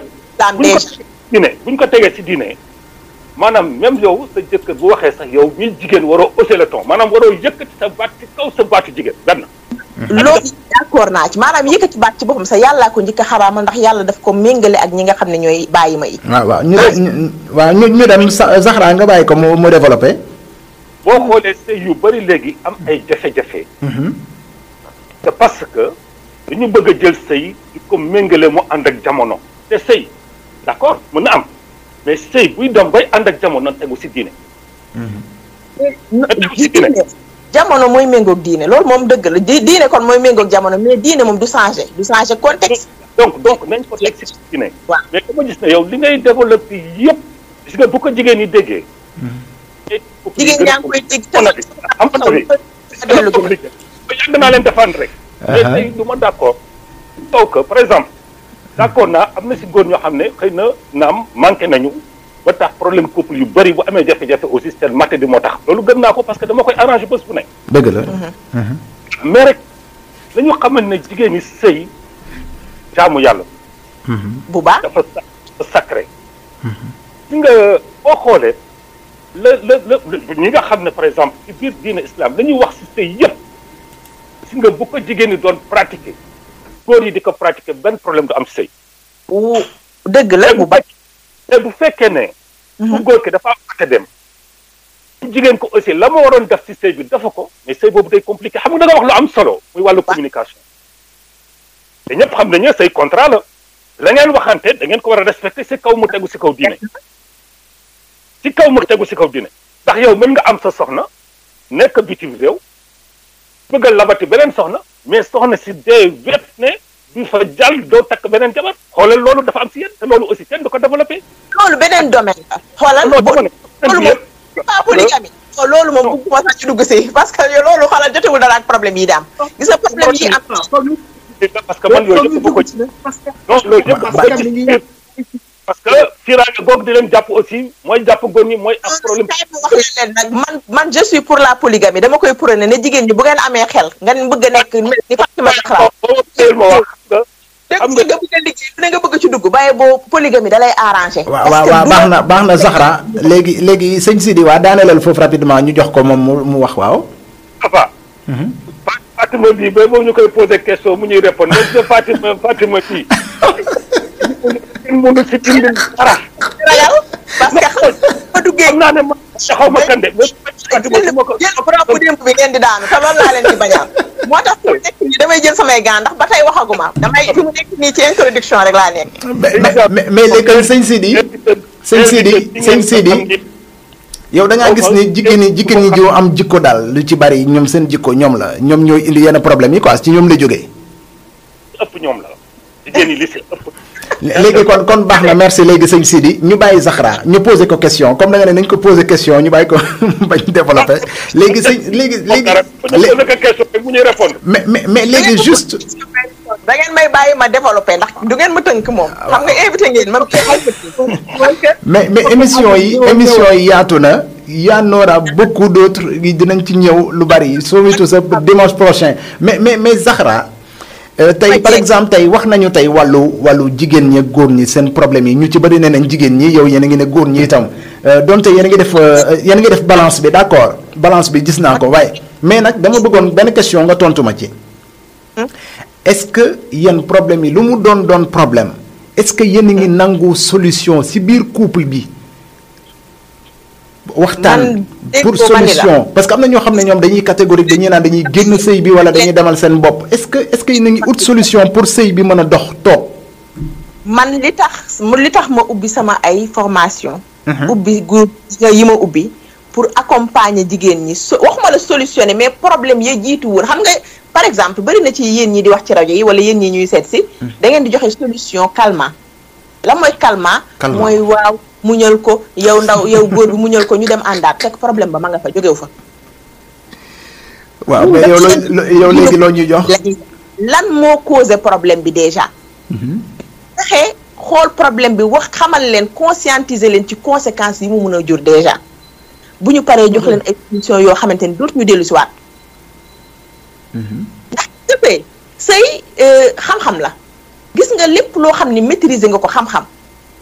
buñ ko diine buñ ko tegee si même yow sa jëkkër waxee sax yow jigéen waroo hausser le ton maanaam waroo yëkkati sa baat ci kaw sa baatu jigéen mhm. ci maanaam yëkkati sax yàllaa ko njëkk a xaraamal ndax yàlla daf ko méngale ak ñi nga xam ne ñooy bàyyi ma yi. waaw ah, waaw ñu waaw sax ñu nga bàyyi ko mu mu développé. boo xoolee sëy yu bëri léegi am ay jafe-jafe. Mhm. te parce que dañu bëgg a jël sëy di ko méngale mu ànd ak jamono. te sëy d'accord mën na am mais sëy buy dem bay ànd ak jamono tegu si diine. Mhm. tegu si diine jamono mooy méngoog diine loolu moom dëgg la di diine kon mooy méngoog jamono mais diine moom du changé du changé contexte. donc donc nañ ko teg si diine. waaw mais dama gis na yow li ngay développé yëpp gis nga bu ko jigéen ñi déggee. Mhm. jigéen ñaa ngi koy dégg tamit am na ko yàgg naa leen defaan rek. Uh-huh. mais tey du ma d' accord. taw par exemple. d' accord naa am na si góor ñoo xam ne xëy na naam manqué nañu ba tax problème couple yu bari bu amee jafe-jafe aussi seen maté bi moo tax. loolu gën naa ko parce que dama koy arrangé bés bu ne. dëgg la. Uh-huh. Uh-huh. mais rek dañu xam ne jigéen ñi sëy jaamu yàlla. bu baax dafa sacré. si nga boo xoolee. la la la ñi nga xam ne par exemple ci biir diine islam dañuy wax si sëy yëpp si nga ko jigéen ñi doon pratiquer góor yi di ko pratiquer benn problème du am sëy wu dëgg la bu bàcc te bu fekkee ne bu mhm. góor ki dafa am fàtte dem bu jigéen ko aussi la moo waroon def si sëy bi dafa ko mais sëy boobu compliqué xam nga da wax lu am solo muy wàllu communication te ñëpp xam nañu sëy contrat la la ngeen waxante da ngeen ko war a respecté si kaw mu tegu si kaw ci kaw mu tegu si kaw diine ndax yow mën nga am sa soxna nekk bitim réew bëgg a labati beneen soxna mais soxna si dee wet ne du fa jàll doo takk beneen jabar xoolal loolu dafa am si yéen te loolu aussi kenn du ko développé. loolu beneen domaine la. xoolal loolu moom ah loolu moom bugguma ci dugg si parce que loolu xoolal jotewul dara ak problème yi daam gis nga problème yi am. parce que man yooyu yëpp bëgg ko ci. parce que. tiraanga googu di leen jàpp aussi mooy jàpp góor mooy am problème ah, man man pour la polygamie dama koy prôné ne jigéen ñi bu ngeen amee xel ngeen bëgg a nekk mel ni Fatima Zahra xam ah, ah, nga bëgg a liggéey ne nga bëgg ci dugg bàyyi boo polygamie da lay arrangé. baax na baax na Zahra léegi léegi sëñ Sidi waa daaneelal foofu rapidement ñu jox ko moom mu wax waaw. Papa. Mhm. boobu ñu koy posé question mu ñuy répondre Fatima Fatima bii. kenn mënu ci dindil ragal parce que xam nga duggee. xam naa ne ma kan de. jël propre démb bi ngeen di daanu te laa leen di bañal. moo tax fi nekk nii damay jël samay gants ndax ba tey waxaguma damay fi mu nekk nii ci introduction rek laa nekk. mais mais léegi sëñ Sidi. sëñ Sidi sëñ Sidi. yow da ngaa gis ni jigéen ñi jigéen ñi jiw am jikko daal lu ci bari ñoom seen jikko ñoom la ñoom ñooy indi yenn problème yi quoi ci ñoom la jógee. ëpp la léegi kon kon baax na merci léegi sëñ Sidi ñu bàyyi Zahra ñu posé ko question comme da nga ne nañ ko posé question ñu bàyyi ko bañ développé léegi sëñ léegi ah, léegi. mais mais mais léegi juste. da ngeen may bàyyi ma développé ndax du ngeen ma tënk moom. Ah, xam nga invité ngeen ma mais mais émission yi émission yi yaatu na. y'en aura beaucoup d'autres yi dinañ ci ñëw lu bari soo witu sa dimanche prochain mais mais mais Zahra. Euh, tey par exemple tey wax nañu tey wàllu wàllu jigéen ñee góor ñi seen problème yi ñu ci bëri ne nañ jigéen ñii yow yéen a ngi ne góor ñi itam euh, donte yéen a ngi def euh, yéen a ngi def balance bi d'accord balance bi gis naa ko waaye mais nag dama bëggoon benn question nga tontu ma ci. Hmm? est-ce que yéen problème yi lu mu doon doon problème est-ce que yéen a ngi nangu solution ci biir couple bi. waxtaan pour solution parce que am na ñoo xam ne ñoom dañuy catégorique dañuy naan dañuy génn sëy bi wala dañuy demal seen bopp est-ce que est-ce ut solution pour sëy bi mën a dox toog man li tax li tax ma ubbi sama ay formation mhm. ubbi groupe yi ma ubbi pour accompagner jigéen ñi so waxuma la solutionner mais problème ya jiitu woon xam nga par exemple bari na ci yéen ñi di wax ci rajo yi wala yéen ñi ñuy seet si mhm. da ngeen di joxe solution calmant la mooy calmant mooy waaw mu muñal ko yow ndaw yow góor mu muñal ko ñu dem àndaat fekk problème ba ma nga fa jógewu fa. waaw mais yow léegi loo ñuy jox. lan moo causé problème bi déjà. Mhm. fexe xool problème bi wax xamal leen conscientiser leen ci conséquences yi mu mun a jur déjà bu ñu paree jox leen ay solutions yoo xamante ni dootuñu dellu si waat. Mhm. ndax dëppee say euh, xam-xam la gis nga lépp loo xam ni maîtriser nga ko xam-xam.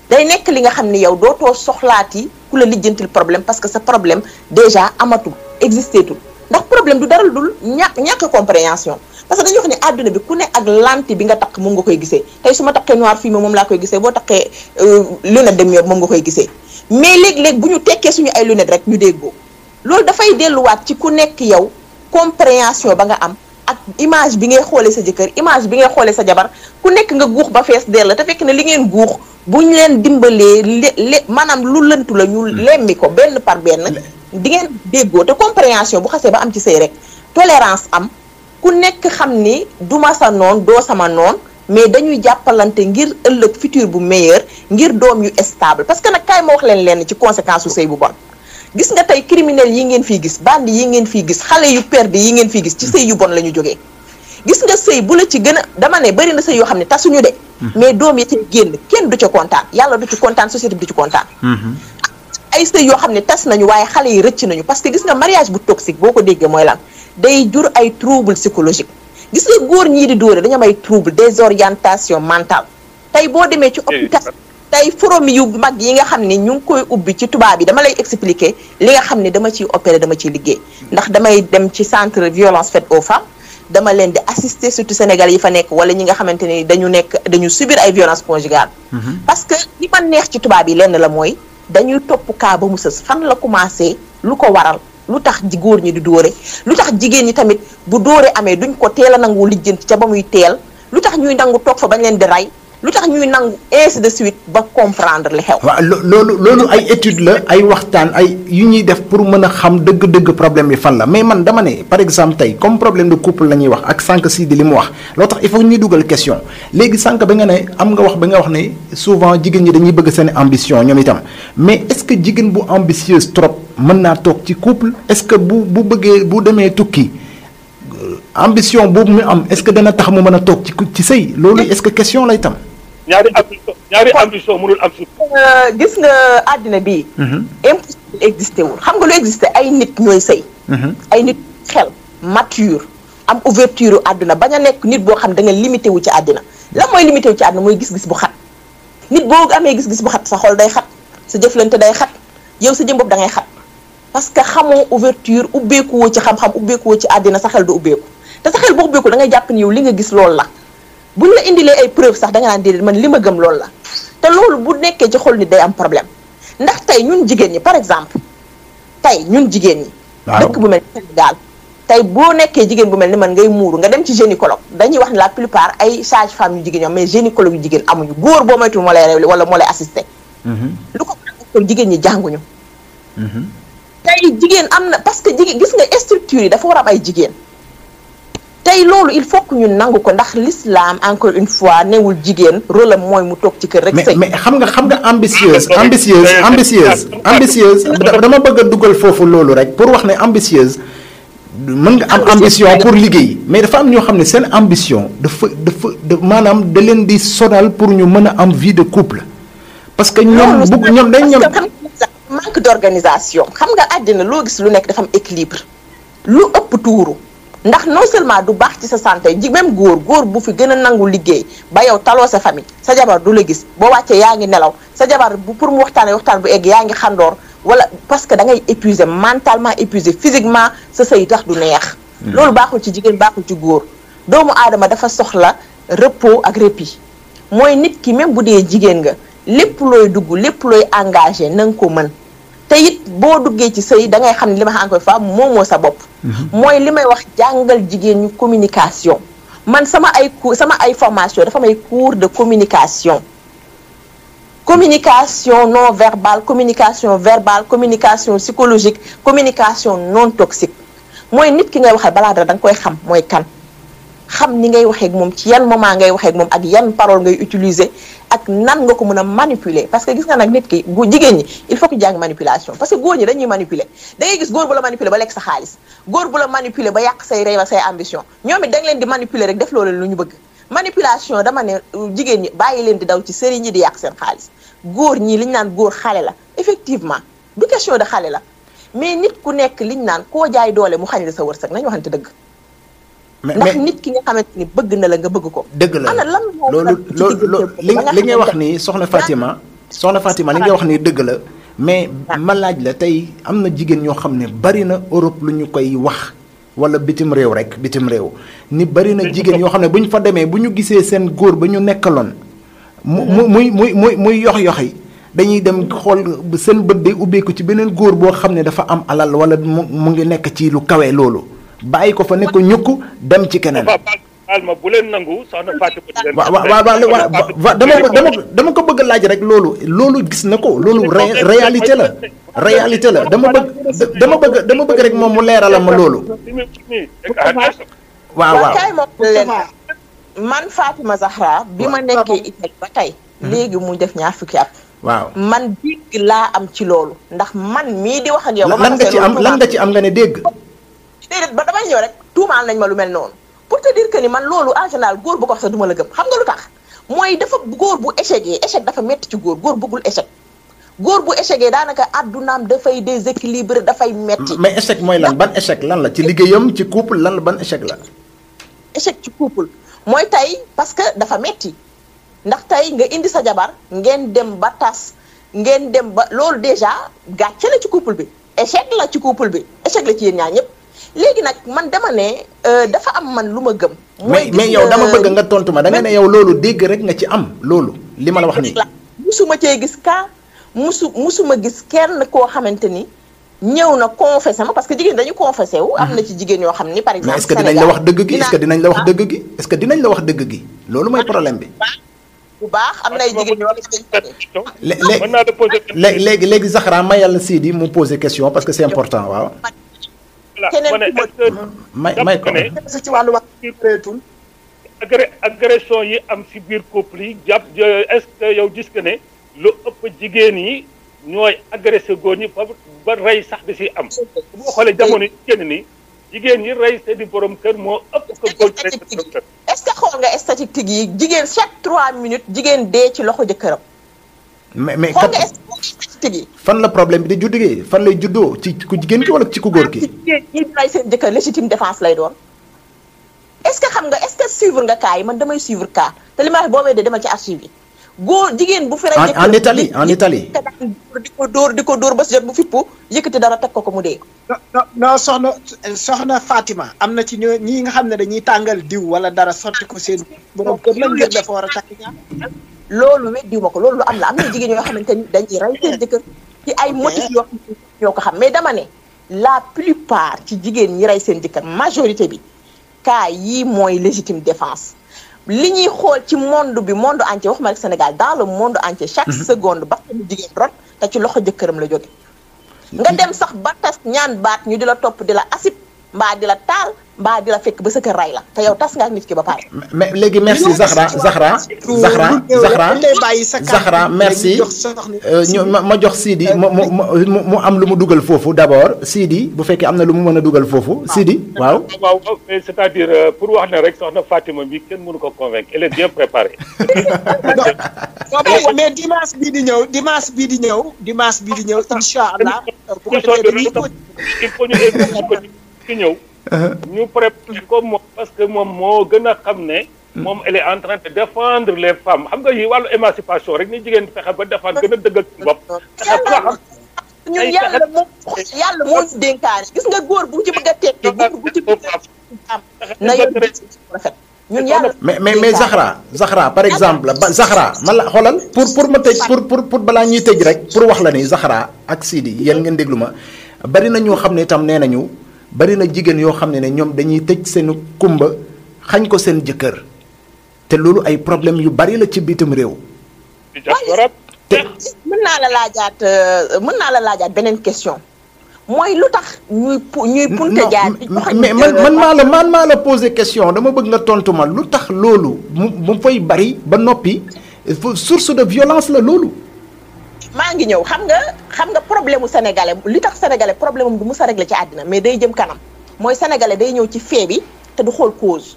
day nekk li nga xam ni yow dootoo soxlaati ku la lijjantil problème parce que sa problème déjà amatul existé tul ndax problème du dara dul ñàkk ñàkk compréhension parce que dañuy wax ne àdduna bi ku ne ak lant bi nga takk moom nga koy gisee tey su ma takkee noir fii moom laa koy gisee boo takkee euh, lunette dem yoon moom nga koy gisee mais léeg-léeg bu ñu tekkee suñu ay lunette rek ñu déggoo loolu dafay delluwaat ci ku nekk yow compréhension ba nga am ak image bi ngay xoolee sa jëkkër image bi ngay xoolee sa jabar ku nekk nga guux ba fees dell te fekk ne li ngeen guux bu ñu leen dimbalee le maanaam lu lëntu la ñu hmm. lemmi ko benn par benn di ngeen déggoo te compréhension bu xasee ba am ci sëy rek tolérance am ku nekk xam ni duma sa noon doo sama noon mais dañuy jàppalante ngir ëllëg futur bu meilleur ngir doom yu stable parce que nag kaay ma wax leen lenn ci conséquence su sëy bu bon gis nga tey criminel yi ngeen fii gis bandi yi ngeen fii gis xale yu perdu yi ngeen fii gis ci sëy yu bon lañu ñu jógee gis nga sëy bu la ci gën a dama ne bëri na sëy yoo xam ne tasuñu de hmm. mais doom yi ci génn kenn du ca kontaan yàlla du ci kontaan société bi du ci kontaan hmm. ay sëy yoo xam ne tas nañu waaye xale yi rëcc nañu parce que gis nga mariage bu toxique boo ko déggee mooy lan day jur ay trouble psychologique gis góor ñii di dóore dañu am ay trouble désorientation mentale tey boo demee ci hôpital eh, tey forum yu mag yi nga xam ne ñu ngi koy ubbi ci tubaab yi dama lay expliquer li nga xam ne dama ci opérer dama ciy liggéey ndax damay dem ci centre violence faite aux femmes dama leen di assister surtout Sénégal yi fa nekk wala ñi nga xamante ni dañu nekk dañu subir ay violence conjugale mhm. parce que li man neex ci tubaab yi lenn la mooy dañuy topp kaa ba mu sës fan la commencé lu ko waral lu tax góor ñi di dóore lu tax jigéen ñi tamit bu dóore amee duñ ko teel a nangu lijjanti ca ba teel lu tax ñuy nangu toog fa bañ leen di lu tax ñuy nangu ainsi de suite ba comprendre li xew. waaw loolu loolu ay étude la ay waxtaan ay yu ñuy def pour mën a xam dëgg-dëgg problème bi fan la mais man dama ne par exemple tey comme problème de couple la ñuy wax ak sànq si di li mu wax loo tax i faut ñuy dugal question léegi sànq ba nga ne am nga wax ba nga wax ne souvent jigéen ñi dañuy bëgg seen ambition ñoom itam mais est-ce que jigéen bu ambitieuse trop mën naa toog ci couple est-ce que bu bu bëggee bu demee tukki. Euh, ambition boobu mu am est-ce tax mu mën a toog ci ci sëy loolu est question lay ñaari ambition ñaari ambition mënul am suuf. Euh, gis nga àddina bi. Mhm. impossible existé wul xam nga lu existé ay nit ñooy sëy. Mhm. ay nit xel mature am ouverture àdduna ba a nekk nit boo xam da nga limité wu ci àddina lan mooy limité ci àdduna mooy gis-gis bu xat nit boo amee gis-gis bu xat sa xol day xat sa jëflante day xat yow sa jëm bopp da xat parce que xamoo ouverture ubbeekuwoo ci xam-xam ubbeekuwoo ci àddina sa xel du ubbeeku te sa xel boo ubbeeku da ngay jàpp ni yow li nga gis loolu la. bu buñ la indilee ay preuve sax da nga déedéet man li ma gëm loolu la te loolu bu nekkee ci xol nit day am problème ndax tey ñun jigéen ñi par exemple tey ñun jigéen ñi dëkk bu mel ni Sénégal tey boo nekkee jigéen bu ni man ngay muuru nga dem ci gynécologue dañuy wax ne la plupart ay sage femme yu jigéen ñoom mais gynécologue yu jigéen amuñu góor boo moytu moo lay réew wala moo lay assisté mhm. lu ko kon jigéen ñi jànguñu mhm. tey jigéen am na parce que jigéen gis nga structure yi dafa war am ay jigéen tey loolu il faut que ñu nangu ko ndax l'islam encore une fois newul jigéen rôle mooy mu toog ci kër rek. sëy mais xam nga xam nga ambitieuse. ambitieuse ambitieuse ambitieuse dama bëgg a dugal foofu loolu rek pour wax ne ambitieuse. mën nga am ambition pour liggéey mais dafa am ñoo xam ne seen ambition dafa dafa maanaam da leen di sonal pour ñu mën a am vie de couple. parce que ñoom bu ñoom dañ ñoom. manque d'organisation xam nga àddina loo gis lu nekk am équilibre lu ëpp tuuru. ndax non seulement du baax ci sa santé ji même góor góor bu fi gën a nangu liggéey ba yow taloo sa famille sa jabar du la gis boo wàccee yaa ngi nelaw sa jabar bu pour mu waxtaanee waxtaan bu egg yaa ngi xandoor wala parce que da ngay épuisé mentalement épuisé physiquement sa sëy tax du neex. Hmm. loolu baaxul ci jigéen baaxul ci góor doomu aadama dafa soxla rëppo ak répit mooy nit ki même bu dee jigéen nga lépp looy dugg lépp looy engagé na nga ko mën. te it boo duggee ci sëy da xam ne li ma wax encore fois moomoo sa bopp. Mhm. mooy li may wax jàngal jigéen ñu communication. man sama ay cours sama ay formation dafa may cours de communication. communication non verbale communication verbal communication psychologique communication non toxique mooy nit ki ngay waxal balaa dara da nga koy xam mooy kan. xam ni ngay waxee moom ci yan moment ngay waxee moom ak yan parole ngay utiliser ak nan nga ko mën a manipuler parce que gis nga nag nit ki bu jigéen ñi il faut que jàng manipulation parce que góor ñi dañuy manipuler da ngay gis góor bu la ba lekk sa xaalis góor la manipuler ba yàq say rêve say ambition ñoom it da leen di manipuler rek def loolu lu ñu bëgg manipulation dama ne euh, jigéen ñi bàyyi leen di daw ci sëriñ ñi di yàq seen xaalis góor ñi liñ naan góor xale la effectivement du question de xale la mais nit ku nekk liñ naan koo jaay doole mu xañ la sa wërsëg nañu waxante dëgg ndax nit ki nga xamante ni bëgg na la nga bëgg ko. dëgg la loolu loolu li ngay wax nii soxna Fatima. soxna Fatima li ngay wax nii dëgg la. mais ah. ma laaj la tey am na jigéen ñoo xam ne bari na Europe lu ñu koy wax. wala bitim réew rek bitim réew. ni bari na jigéen yoo xam ne bu ñu fa demee bu ñu gisee seen góor ba ñu nekkaloon. mu muy muy muy muy yox yox yi dañuy dem xool seen bët day ubbeeku ci beneen góor boo xam ne dafa am alal wala mu mu ngi nekk ci lu kawe loolu. bàyyi ko fa ne ñukk dem ci keneen. alma bu leen nangu soxna Fatou. waaw waaw waaw dama ko dama ko bëgg laaj rek loolu loolu gis na ko loolu réalité la réalité la dama bëgg dama bëgg dama bëgg rek moom mu leeral ma loolu. waaw waaw man Fatima Zahra bi ma nekkee Italie ba tey. Mhm. léegi mu def ñaar fukki at. waaw man dégg laa am ci loolu. ndax man mii di wax ak yow. lan nga ci am lan nga ci am nga ne dégg. ma ñëw rek tuumaal nañ ma lu mel noonu pour te dire que ni man loolu en général góor bu ko wax sax ma la gëm xam nga lu tax mooy dafa góor bu échec yi échec dafa métti ci góor góor bëggul échec góor bu échec daanaka addunaam dafay déséquilibré dafay métti. mais échec mooy lan ban échec lan la ci liggéeyam ci couple lan la ban échec la. échec ci couple mooy tey parce que dafa métti ndax tey nga indi sa jabar ngeen dem ba tas ngeen dem ba loolu déjà gàcce la ci couple bi échec la ci couple bi échec ci yéen ñaar ñëpp. léegi nag man dama ne euh, dafa am man lu ma gëm. mooy mais yow dama bëgg nga tontu ma da nga ne yow loolu dégg rek nga ci am loolu. li ma la wax nii musuma cee gis ka musu musuma gis kenn koo xamante ni ñëw na confessé ma parce que jigéen dañu confessé wu. am na ci jigéen yoo xam ni par exemple. mais que dinañ la wax dëgg gi est dinañ la wax dëgg gi est-ce que dinañ la wax dëgg gi loolu mooy problème bi. bu baax am na ay jigéen yoo xam ne léegi léegi Zahra ma yàlla Sidi mu poser question parce que c'est important waaw. keneen ku ma may ko su ci wàllu wax ci bëreetul agression yi am si biir couple yi jàpp est yow gis nga ne lu ëpp jigéen yi ñooy agressé góor ñi ba ba rey sax da si am boo xoolee jamono yi kenn ni jigéen ñi rey seen i kër moo ëpp ko góor que xool nga statistique yi jigéen chaque trois minutes jigéen dee ci loxo jëkkëram mais mais xool tigi fan la problème bi di juddigi fan lay juddoo ci ku jigéen ki wala ci ku góor ki ah, jigéen ñi lay seen jëkkër lay doon est-ce que xam nga est-ce que suivre nga yi man damay suivre cas te li ma wax boo weede demal ci archive yi góor jigéen bu fi rey en Italie en Italie di ko dóor di ko dóor ba si jot bu fippu dara teg ko ko mu dee non soxna soxna Fatima am na ci ñoo ñii nga xam ne dañuy tàngal diw wala dara sotti ko seen ah, borom kër lañ def dafa a takk ñaar loolu weddiwuma ko loolu lu am la am na jigéen yoo xamante ni dañuy rey seen jëkkër ci ay motifs yoo ko xam mais dama ne la plupart ci jigéen ñi rey seen jëkkër majorité bi cas yii mooy légitime défense li ñuy xool ci monde bi monde entier waxuma rek Sénégal dans le monde entier chaque mhm. seconde ba xamu jigéen rot te ci loxo jëkkëram la jóge nga mhm. dem sax ba tas ñaan baat ñu di la topp di la asib mbaa di la taal mbaa di la fekk ba sa kër ray la te yow tas nga ak nit ki ba pare. mais léegi merci Zahra Zahra Zahra Zahra Zahra merci euh, ñu ma jox Sidi mu mu mu am lu mu dugal foofu d'abord Sidi bu fekkee am na lu mu mën a dugal foofu Sidi waaw. waaw c'est-à-dire euh, pour wax ne rek soxna Fatima bi kenn mënu ko convaincre elle est bien préparée. mais dimanche bii di ñëw dimanche bii di ñëw dimanche bii di ñëw incha allah. bu euh, ko ki ñëw. ñu préparé ko moom parce que moom moo gën a xam ne. moom elle est en train de défendre les femmes xam nga yi wàllu émancipation rek ni jigéen fexe ba défendre gën a dëggal ci bopp. fexe ba xam ñun yàlla moom yàlla moo ñu dénkaane gis nga góor bu ci bëgg a tekki góor bu na mais mais mais Zahra Zahra par exemple ba Zahra man la xoolal pour pour ma tëj pour pour pour balaa ñuy tëj rek pour wax la ni Zahra ak Sidi yéen ngeen déglu ma bari na ñoo xam ne itam nee nañu. bari na jigéen yoo xam ne ne ñoom dañuy tëj seenu kumba xañ ko seen jëkkër te loolu ay problème yu bari la ci bitim réew. te naa la laajaat euh, mën naa la laajaat beneen question mooy lu tax ñuy ñuy punte jaar. mais man euh, man maa la man maa la posé question dama bëgg nga tontu ma lu tax loolu mu mu fay bari ba noppi source de violence la loolu. maa ngi ñëw xam nga xam nga problème mu sénégalais li tax sénégalais problème du mu sa ci àddina mais day jëm kanam mooy sénégalais day ñëw ci fee bi te du xool cause.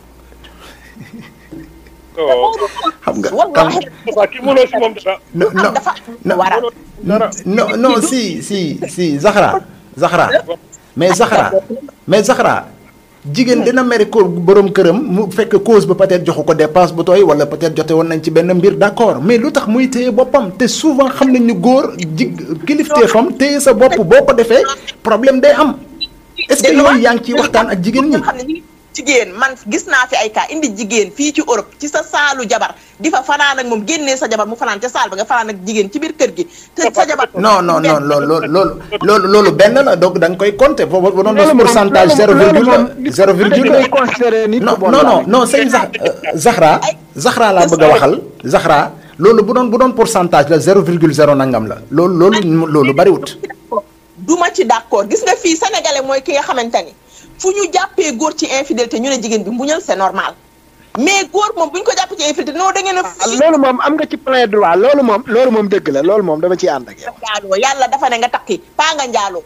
Oh. xam nga non non si si si Zahra Zahra mais Zahra mais Zahra jigéen hmm. dina mere ko borom këram mu fekk cause ba peut joxu ko dépense bu tooy wala peut-être jote woon nañ ci benn mbir d'accord mais lu tax muy téye boppam te souvent xam nañ ni góor ji kilifteefam téye sa bopp boo ko defee problème day am. est-ce que yooyu yaa ngi ciy waxtaan ak jigéen ñi. jigéen man gis naa fi ay cas indi jigéen fii ci Europe ci sa saalu jabar di fa fanaan ak moom génne sa jabar mu fanaan ca saal ba nga fanaan ak jigéen ci biir kër gi. te sa jabar non non non loolu loolu loolu loolu benn la donc da nga koy compter boobu ba doon def pourcentage zéro virgule zéro virgule non non non non sëñ euh, Zahra Zahra laa bëgg a waxal Zahra loolu bu doon bu doon pourcentage la zéro virgule zéro nangam la loolu loolu loolu bariwut. du ma ci d'accord gis nga fii sénégalais mooy ki nga xamante ni fu ñu jàppee góor ci infidélité ñu ne jigéen bi muñal c'est normal mais góor moom bu ñu ko jàpp ci infidélité non da ngeen a. Ah, loolu moom am nga ci plein droit loolu moom. loolu moom dëgg la loolu moom dama ciy ànd ak yow. yàlla dafa ne nga takki paa nga njaaloo.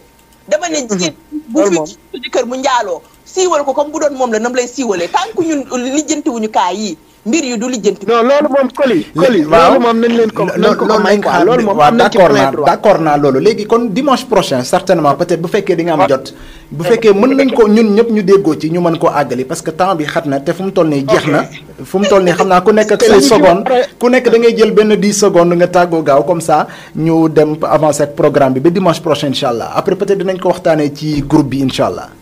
dama ne mm-hmm. jigéen bu fi ci kër njaaloo siiwal ko comme bu doon moom la nam lay siiwalee tant que ñun lijjantiwuñu kaa yii mbir yu du lijjanti. non loolu moom Coly. Coly loolu moom nañ leen ko nañ ko may quoi loolu moom am nañ ci plein droit d'accord naa loolu léegi kon dimanche prochain certainement peut-être bu fekkee di nga am jot. bu fekkee mën nañ ko ñun ñëpp ñu déggoo ci ñu mën koo àggali parce que temps bi xat na te fu mu toll nii jeex na. fu mu toll nii xam naa ku nekk ak say seconde ku nekk da ngay jël benn 10 secondes nga tàggoo gaaw comme ça ñu dem avancer ak programme bi ba dimanche prochain incha allah après peut-être dinañ ko waxtaanee ci groupe bi incha allah.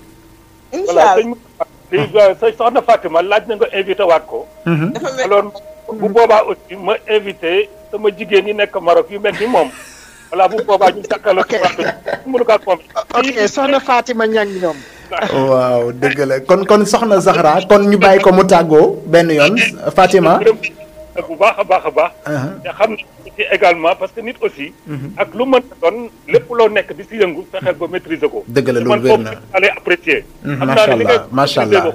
incha allah voilà soxna Fatima laaj na nga invité waat ko. Mhm. alors bu boobaa aussi ma jigéen ñi nekk Maroc yu mel ni moom. bu boobaa ñu jàkkaarloo ci waxtu bi mënu kaa moom. ok waaw dëgg kon kon soxna Zahra kon ñu bàyyi ko mu tàggoo benn yoon Fatima. ak bu baax a baax a baax. Uh-huh. xam ne ci parce que nit aussi. Mm-hmm. ak lu mën a doon lépp loo nekk di si yëngu fexeel boo maîtriser ko. dëgg la loolu wér na man foofu apprécier. macha mm-hmm. allah xam naa ne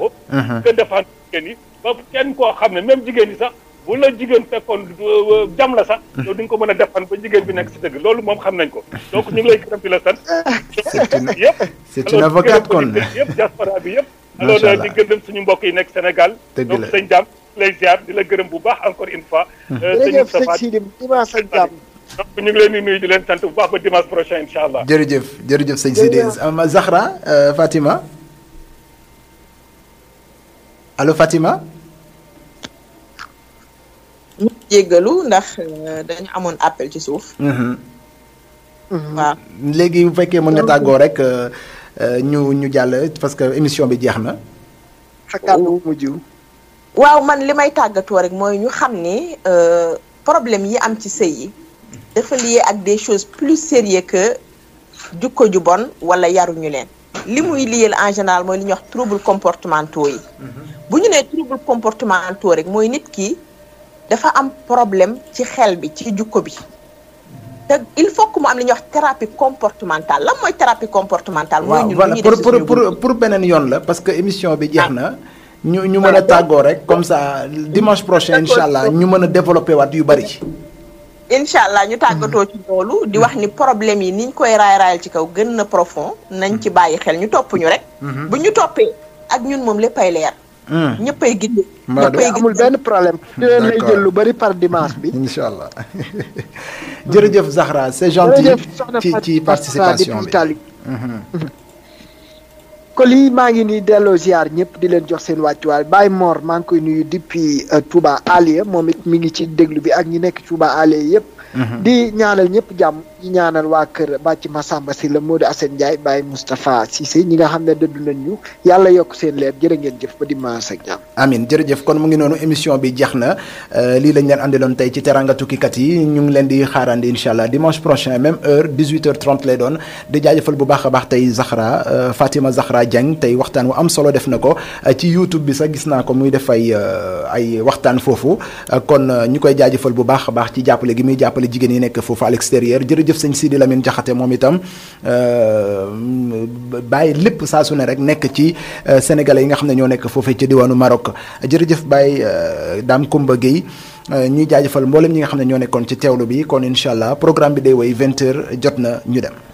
mm-hmm. koo xam ne même jigéen ñi sax. bu la jigéen fekkoon euh, jam la sax. yow di ko mën a defan ba jigéen bi nekk si loolu moom xam nañ ko donc ñu ngi lay gërëm di la sant. yëpp c'est une kon yëpp diaspora bi yëpp. macha euh, allah alors suñu mbokk yi nekk Sénégal. dëgg la donc sëñ Dame lay di la gërëm bu baax encore une fois. Hmm. Euh, jërëjëf sëñ Sidi dimanche sëñ Dame. donc ñu bu baax ba dimanche prochain incha allah. jërëjëf jërëjëf sëñ Sidi Zahra Fatima allo Fatima. jéggalu ndax euh, dañu amoon appel ci suuf. Mhm. Mhm. waaw léegi bu fekkee mën nga tàggoo rek euh, euh, ñu ñu jàll parce que émission bi jeex na. sa kàddu oh. mujj waaw man li may tàggatoo rek mooy ñu xam ni problème yi am ci sëy yi. dafa lié ak des choses plus sérieuses que jukko ju bon wala yaruñu leen. li muy liyeel en général mooy li ñuy wax trouble comportementaux yi. Mhm. bu ñu nee trouble comportementaux rek mooy nit ki. dafa am problème ci xel bi ci jukko bi te il faut que mu am li ñuy wax thérapie comportementale lan mooy thérapie comportementale. mooy ñun voilà pour pour pour pour beneen yoon la parce que émission bi jeex na. ñu ñu mën a tàggoo rek comme ça dimanche prochain incha allah ñu mën a développé waat yu bari. incha allah ñu tàggatoo ci loolu di wax ni problème yi niñ ñu koy raay raayal ci kaw gën na profond nañ ci bàyyi xel ñu toppuñu rek. Mhm. bu ñu toppee ak ñun moom léppay leer. Hmm. ñëppay gindi. ñëppay amul benn problème. di leen lay lu bari par dimanche bi. incha allah jërëjëf Zahra c'est gentil ci ci participation bi hmm. ko lii maa ngi nii delloo ziar ñëpp di leen jox seen wàccuwaay Baye Mor maa ngi koy nuyu depuis euh, Touba Aliya moom it mi ngi ci déglu bi ak ñi nekk Touba Aliya yëpp. Hmm. di ñaanal ñëpp jàmm. ñi ñaanal waa kër bàcc Massamba si la Modou Assane Ndiaye Baye Moustapha Cissé ñi nga xam ne dëdd yàlla yokk seen leer jërë ngeen jëf ba dimanche ak jàmm. amin jërëjëf kon mu ngi noonu émission bi jeex na euh, lii lañ leen andiloon tey ci teranga tukkikat yi ñu ngi leen di xaarandi incha allah dimanche prochain même heure 18h30 lay doon di jaajëfal bu baax a baax tey Zahra euh, Fatima Zahra Dieng tey waxtaan wu am solo def na ko euh, ci YouTube bi sax gis naa ko muy def ay ay waxtaan foofu kon ñu koy jaajëfal bu baax a baax ci jàppale gi muy jàppale jigéen yi nekk foofu à l'extérieur jërëjëf sëñ Sidi Lamine Jaxate moom itam euh, bàyyi lépp saa rek nekk ci euh, sénégalais yi nga xam ne ñoo nekk foofee ci diwaanu Maroc jërëjëf Baye euh, Dame Koumba Gueye ñuy jaajëfal mboolem ñi nga xam ne ñoo nekkoon ci teewlu bi kon incha allah programme bi day woy 20 jot na ñu dem.